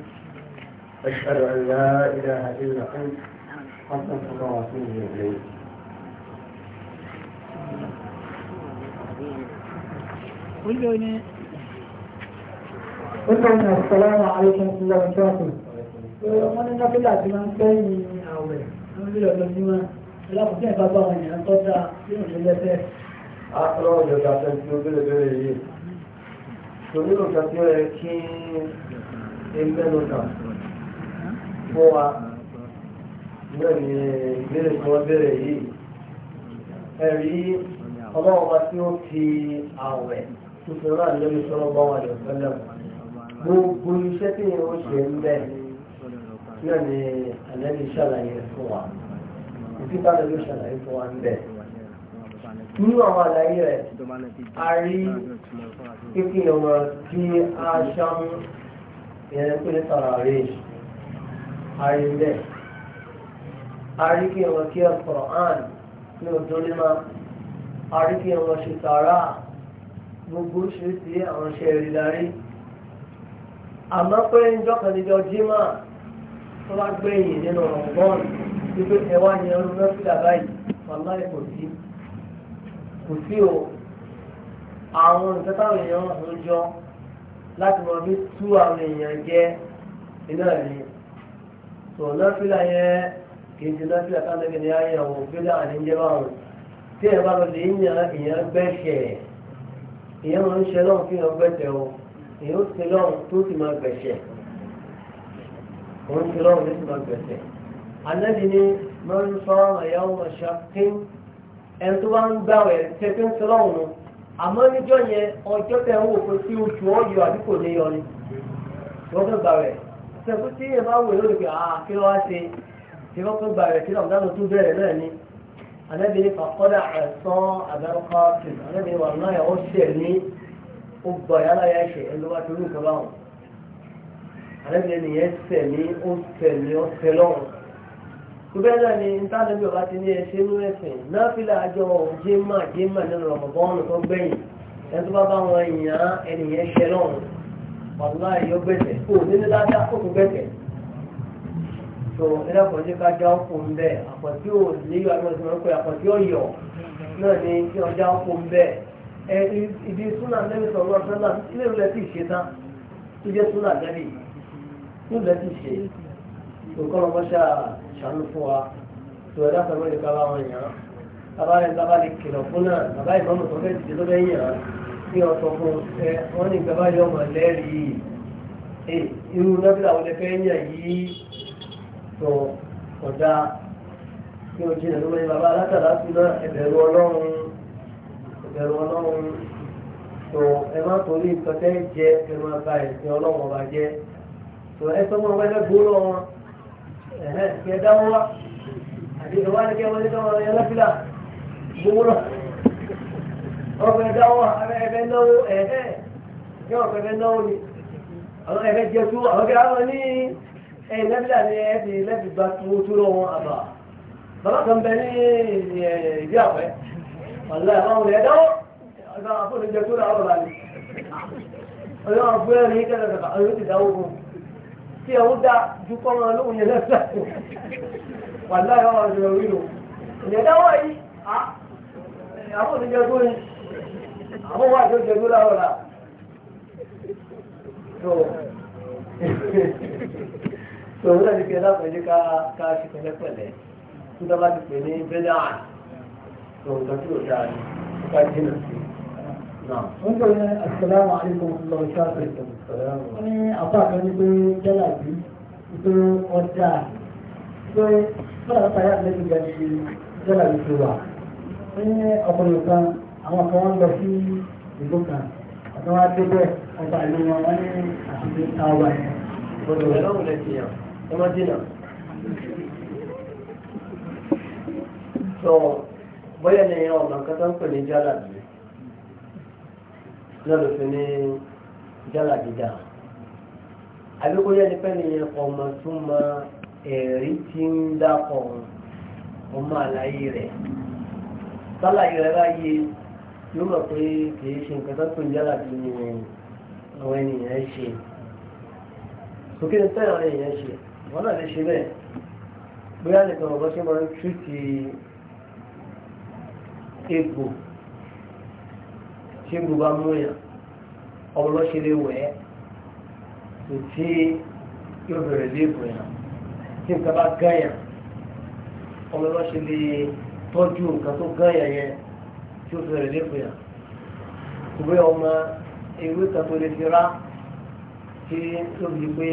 Speaker 1: أشهد أن لا إله إلا أنت أستغفرك وأتوب إليك
Speaker 2: Assalamu alaikum warahmatullahi wabarakatuh. Wọ́n ní Nàbílà ti máa ń fẹ́ yìí àwẹ̀, wọ́n nílò lọ́jọ́ máa. lápùtẹ́ ìbábá wọn ìyàn tó dá
Speaker 1: nínú ìlẹ́fẹ́. Àtọ́rọ̀ ìjọba àtẹ́jú tó bẹ̀rẹ̀ bẹ̀rẹ̀ yìí. Tò nínú kan tí ó yẹ kí ẹgbẹ́nu kan fún wa náà ní ìbéèrè tí wọ́n bẹ̀rẹ̀ yìí. Ẹ̀rí ọlọ́run wa tí ó fi àwẹ̀ tó fi rán lórí sọ́rọ̀ bá wà lọ́sọ́ lẹ́wọ̀n. Gbogbo iṣẹ́ tí ó ṣe ń bẹ̀ náà ní ṣàlàyé fún wa òfin bá lọ ló ṣàlàyé fún wa níbẹ̀. nínú àwọn àlàyé rẹ̀ a rí pínpín ọmọ tí a ṣámú ìyẹn pé ní tàràrí a rí bẹ́ẹ̀. a rí kí ọmọ kí ẹ̀kọ́ àn ní ọdún níma a rí kí ọmọ ṣe tààrà gbogbo ṣe sí àwọn ṣe rí darí. àmọ́ pé ń jọ́kan níjọ jímà tó bá gbẹ̀yìn nínú ọ̀gbọ́n wípé ẹwà ni ọdún lọ́sílà báyìí wàláì kò sí kò sí o àwọn nǹkan táwọn èèyàn ń jọ láti mọ bí tú àwọn èèyàn jẹ iná rí tó lọ́sílà yẹn kì í ṣe lọ́sílà táwọn ẹgbẹ́ ni á yẹ àwọn òfin náà ní jẹ́ báwọn tí ẹ bá lọ lè yan èèyàn gbẹ́sẹ̀ èèyàn máa ń ṣe lọ́hùn fi hàn gbẹ́sẹ̀ o èèyàn ó ṣe tó sì máa gbẹ̀sẹ̀ òun ṣe lọ́hùn tó sì máa gbẹ̀sẹ̀ ànábì ni man sama yawma shaqqin ẹni tó bá ń gbàwẹ̀ tẹ́tẹ́ ń sọ́lọ́ òun àmọ́ níjọ́ yẹn ọjọ́ tẹ̀ ń wò pé tí oṣù ọ̀yọ́ àbí kò ní yọ ni wọ́n fẹ́ gbàwẹ̀ sẹ́kù tí yẹn bá wò lórí pé àá ah, kí ló wá ṣe tí wọ́n fẹ́ gbàwẹ̀ tí lọ́mọdé àwọn tó bẹ̀rẹ̀ náà ni ànábì ni fàkọ́dà ẹ̀sán àbẹ̀rẹ̀kọ́ bẹ́ẹ̀ náà ni ntánẹ́bí ọba ti ní ẹṣẹ́ inú ẹ̀sìn náà fílẹ̀ àjọ jémà jémà nínú ọ̀bọ̀n tó gbẹ̀yìn ẹni tó bá bá wọn yàn án ẹni yẹn ṣẹ lọ́run wàhálà ẹ̀yọ́ gbẹ̀tẹ̀ kó nínú dáadáa kó tó gbẹ̀tẹ̀ tó ẹlẹ́kọ̀ọ́ jẹ́ ká já òkú ń bẹ́ẹ̀ àpọ̀tí ò léyọ̀ àgbọ̀tí wọn pé àpọ̀tí ọ̀yọ̀ náà ni kí wọ́n já òkú ń bẹ́ẹ̀ ẹ ibi súnà nẹ́bí sọ̀rọ̀ sọ́nà ilé ìrọ̀lẹ́ ti ṣe tán ilé súnà nẹ́bí ilé ti nǹkan ọmọ ṣàánú fún wa tó ẹ̀dá sọ̀rọ̀ ìdíkà bá wọn yàn án bàbá rẹ̀ bàbá lè kìlọ̀ fún náà bàbá ìmọ̀mù tó fẹ́ dìde ló fẹ́ yàn án bí wọ́n sọ fún ẹ wọ́n ní bàbá yọ ọmọ lẹ́rìí irú nọ́bìlà wọlé fẹ́ yàn yìí tó ọ̀dà kí o jìnà ló wọlé bàbá látàlá sí náà ẹ̀bẹ̀rù ọlọ́run ẹ̀bẹ̀rù ọlọ́run tó ẹ má torí nǹkan tẹ́ jẹ ẹ má ba ẹ̀sìn ọlọ́run ọba jẹ tó ẹ sọ́mọ́ ọba ẹgbẹ́ kí ẹ dáwọ́ wá àti ìwádìí kí ẹ wọlé dáwọ́ ẹ lọ́fílà gbogbo náà ọ̀pẹ̀ dáwọ́ ẹ̀fẹ̀ náwó ẹ̀ẹ́ kí ọ̀pẹ̀ ẹ̀fẹ̀ náwó ni àwọn ẹ̀fẹ̀ jẹ tó àwọn kí àwọn ní ẹ̀yìn lẹ́fílà ni ẹ̀ fi lẹ́fì gba tó tó lọ wọn àbà bàbá kan bẹ tí ẹ̀hún dá ju kọ́ wọn lóhùn yẹn lẹ́sẹ̀ wà láyé wọn lọ rí o ìyẹn dáwọ́ yìí àwọn òṣìṣẹ́ tó yìí àwọn wà tó jẹ́ tó láwọ̀ rà tó tó ń lẹ́nu kí ẹ dápẹ́ ní ká ká ṣe pẹ̀lẹ́pẹ̀lẹ́ tó dábàá ti pè ní bẹ́lẹ́ tó nǹkan tí ò ní ká jìnnà sí i
Speaker 2: wọ́n tọ́ ní asalaamu alaykum lọ ṣáàtì
Speaker 1: wọ́n ní apá kan ní pé jẹ́là bí pé ọjà pé fúnra ta yà lẹ́yìn ìgbà tí jẹ́là bí ti wà ní ọkùnrin kan àwọn kan wọ́n lọ sí ìlú kan àtàwọn adébẹ̀ ọba ìlú wọn wọ́n ní àṣìṣe táwa yẹn. gbọdọ̀ wẹ̀ lọ́wọ́ lẹ́sìn yàn ẹ má dínà. sọ ni náà ló fi ní jálà dídà àbíkóyá ni pẹ́ẹ́nì yẹn kọ́ ọmọ tó mọ ẹ̀rí tí ń dákọ̀ ọmọ àlàyé rẹ̀ sálàyé rẹ̀ báyé yóò mọ̀ pé kìí ṣe nǹkan tó ń jálà bí ni àwọn ènìyàn ṣe sókè ní tẹ́lẹ̀ àwọn ènìyàn ṣe wọ́n náà lè ṣe bẹ́ẹ̀ bóyá nìkan ọ̀gọ́ ṣe máa ń tú ti egbò tí ń gbogbo amóyàn ọlọ́ṣẹ́lẹ̀ wẹ̀ ẹ́ kò tí yóò bẹ̀rẹ̀ léèbù yàn tí nǹkan bá gáyàn ọlọ́ṣẹ́lẹ̀ tọ́jú nǹkan tó gáyàn yẹn tí ó bẹ̀rẹ̀ léèbù yàn kò bẹ́ẹ̀ ọmọ ewé kan tó lè fi rá tí yóò fi pé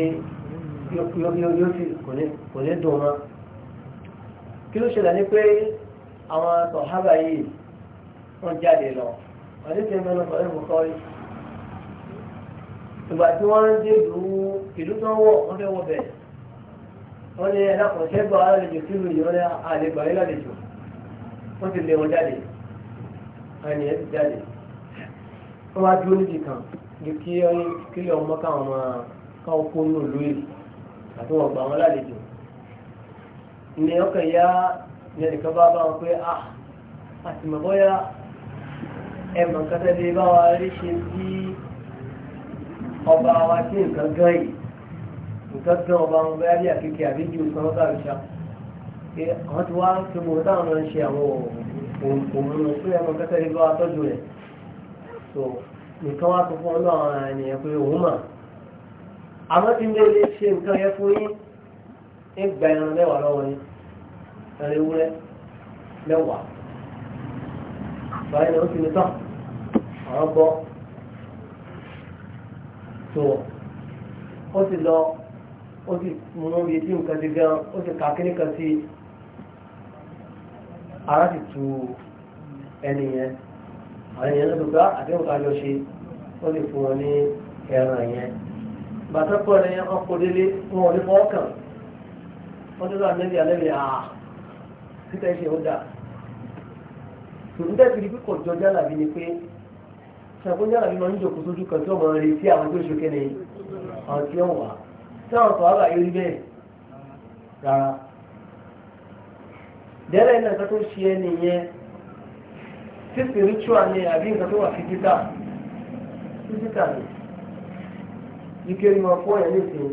Speaker 1: yóò fi kò ní dùn mọ́ kí ló ṣẹlẹ̀ ni pé àwọn sọ̀hábà yìí wọ́n jáde lọ àdéhùn ẹ̀mẹ́ lọ́pàá ẹ̀rù sọ́rí. ìgbà tí wọ́n ń dé ìlú ìlú tó ń wọ̀ wọ́n fẹ́ wọ bẹ̀. wọ́n ní ẹ̀dá kan ṣẹ́gbà àlejò tí ìlú yìí wọ́n ní àlegbà yìí lálejò. wọ́n ti lé wọn jáde. àyìn ẹ̀ ti jáde. wọ́n wá dúró níbi kan ju kí kílẹ̀ ọmọ káwọn máa káwọn kó nù lóye àti wọn gbà wọn lálejò. ní ọkọ̀ ìyá ní ẹnìkan bá bá wọn pé ah àtìmọ̀bọ́yá ẹmọ̀ kẹtẹ́lẹ́ bá wa rí ṣe sí ọba wa sí nǹkan gan yìí nǹkan gan ọba wọn bẹ́ẹ̀ bí àkíkẹ́ àbíjú sanwó tàbí ṣá pé àwọn ti wá fi mọ̀ táwọn náà ń ṣe àwọn òmùnú fún ẹmọ̀ kẹtẹ́lẹ́ bá wa tọ́jú rẹ̀ so nǹkan wá tó fún ọlọ́run ènìyàn pé òun mà àmọ́ tí ń lè ṣe nǹkan yẹn fún yín ń ẹran mẹ́wàá lọ́wọ́ yín ẹran mẹ́wàá báyìí ó ti ní tán àwọn bọ́ tó ó ti lọ ó ti mú bí tí nǹkan ti gan ó ti kà kíní kan sí ara ti tu ẹni yẹn àwọn èèyàn lọ́dún gbá àdéhùn ká jọ ṣe ó lè fún wọn ní ẹran yẹn bàtà pọ̀ ní ọkọ̀ délé wọn ò ní fọ́ kàn wọ́n tó lọ àmì ìyàlẹ́ mi àà títẹ̀ ṣe ó dáa tòun dẹ́ fìdí pípọ̀ jọ jálàbí ni pé ṣàkó jálàbí máa ń jòkó sójú kan tí wọ́n máa ń retí àwọn tó ṣe kẹ́ni àwọn tí wọ́n wà tí àwọn tó wà bá yọrí bẹ́ẹ̀ rárá. dẹ́rẹ́ náà tó ṣe ẹni yẹn tí spiritual ni àbí nǹkan tó wà physical physical ni ìkiri máa fọ́ ẹ̀ nísìnyí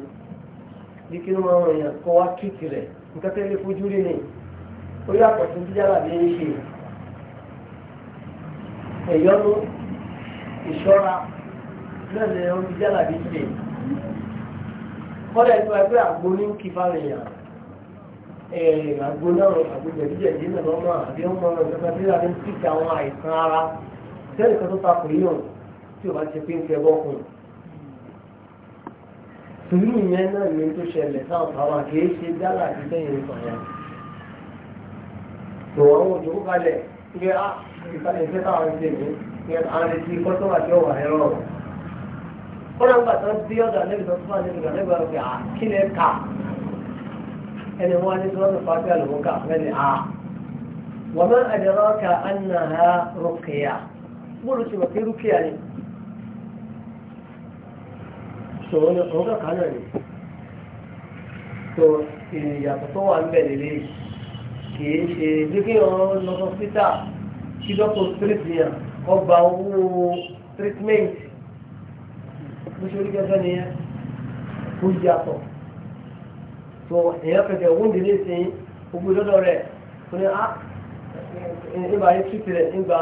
Speaker 1: ìkiri máa rìn àkọ́wá kìkì rẹ̀ nǹkan tẹ́lẹ̀ fojú rí ni ó yàtọ̀ sí jíjára ń ẹ̀yọ́nú ìṣọ́ra náà lè ọ́n jálà bí ṣe kọ́lẹ̀ tó ẹgbẹ́ àgbo ní kífà rẹ̀ yà àgbo náà àgbo jẹ̀díjẹ̀dí náà lọ́mọ àbí ọmọ ìjọba tí wọ́n ti ti àwọn àìsàn ara sẹ́yìn kan tó takò yíyàn tí o bá ti pín fẹ́ bọ́kùn tùrú ìyẹn náà ní tó ṣẹlẹ̀ sáwọn àwọn kìí ṣe jálà bí sẹ́yìn sọ̀rọ̀ tòwọ́n òjò kalẹ̀ pé á ah, ìfẹ́ táwọn ṣe ní ìyẹn àwọn ẹni tí kọ́tọ́ wà tí ó wà ẹ̀rọ rẹ̀. ó náà ń gbà tán bí ọ̀dà níbi tó fún àdébì kan nígbà rẹ̀ kí lè kà ẹni wọn ní tí wọ́n ti fàáfíà lòún kà mẹ́ni à. wọ́n máa àdìrọ́ ka anna ha rúkìá bóòlù ti wọ̀ pé rúkìá ni. sọ̀rọ̀ ni òun kàkà náà ni. tó ìyàtọ̀ tó wà ń bẹ̀ lélẹ́yìí kì í ṣe bí kí wọ́n kí dọ́tọ̀ spirit yẹn ọgbà owó treatment nítorí gẹ́gẹ́ nìyẹn kó yàtọ̀ tó èèyàn kẹ̀kẹ́ wúndì ní ìsìn ogun dọ́dọ̀ rẹ̀ kò ní á ah, nígbà yẹn treat rẹ̀ nígbà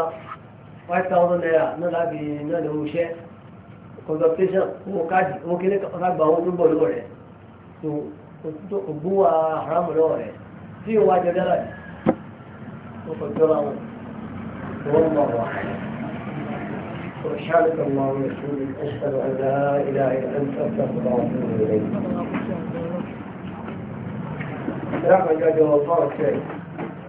Speaker 1: five thousand naira náà láti náà lè wọ́n ṣẹ́ consultation owó káàdì owó kéde ọ̀gá gba owó tó bọ̀ lọ́wọ́ rẹ̀ tó ògbó wa haram lọ́wọ́ rẹ̀ tí ìwà jẹ dára yìí ó kọjọ́ ra wọn. والله أعلم سبحانك الله أشهد أن لا
Speaker 2: إله إلا أنت أستغفرك لا مجال والله خير.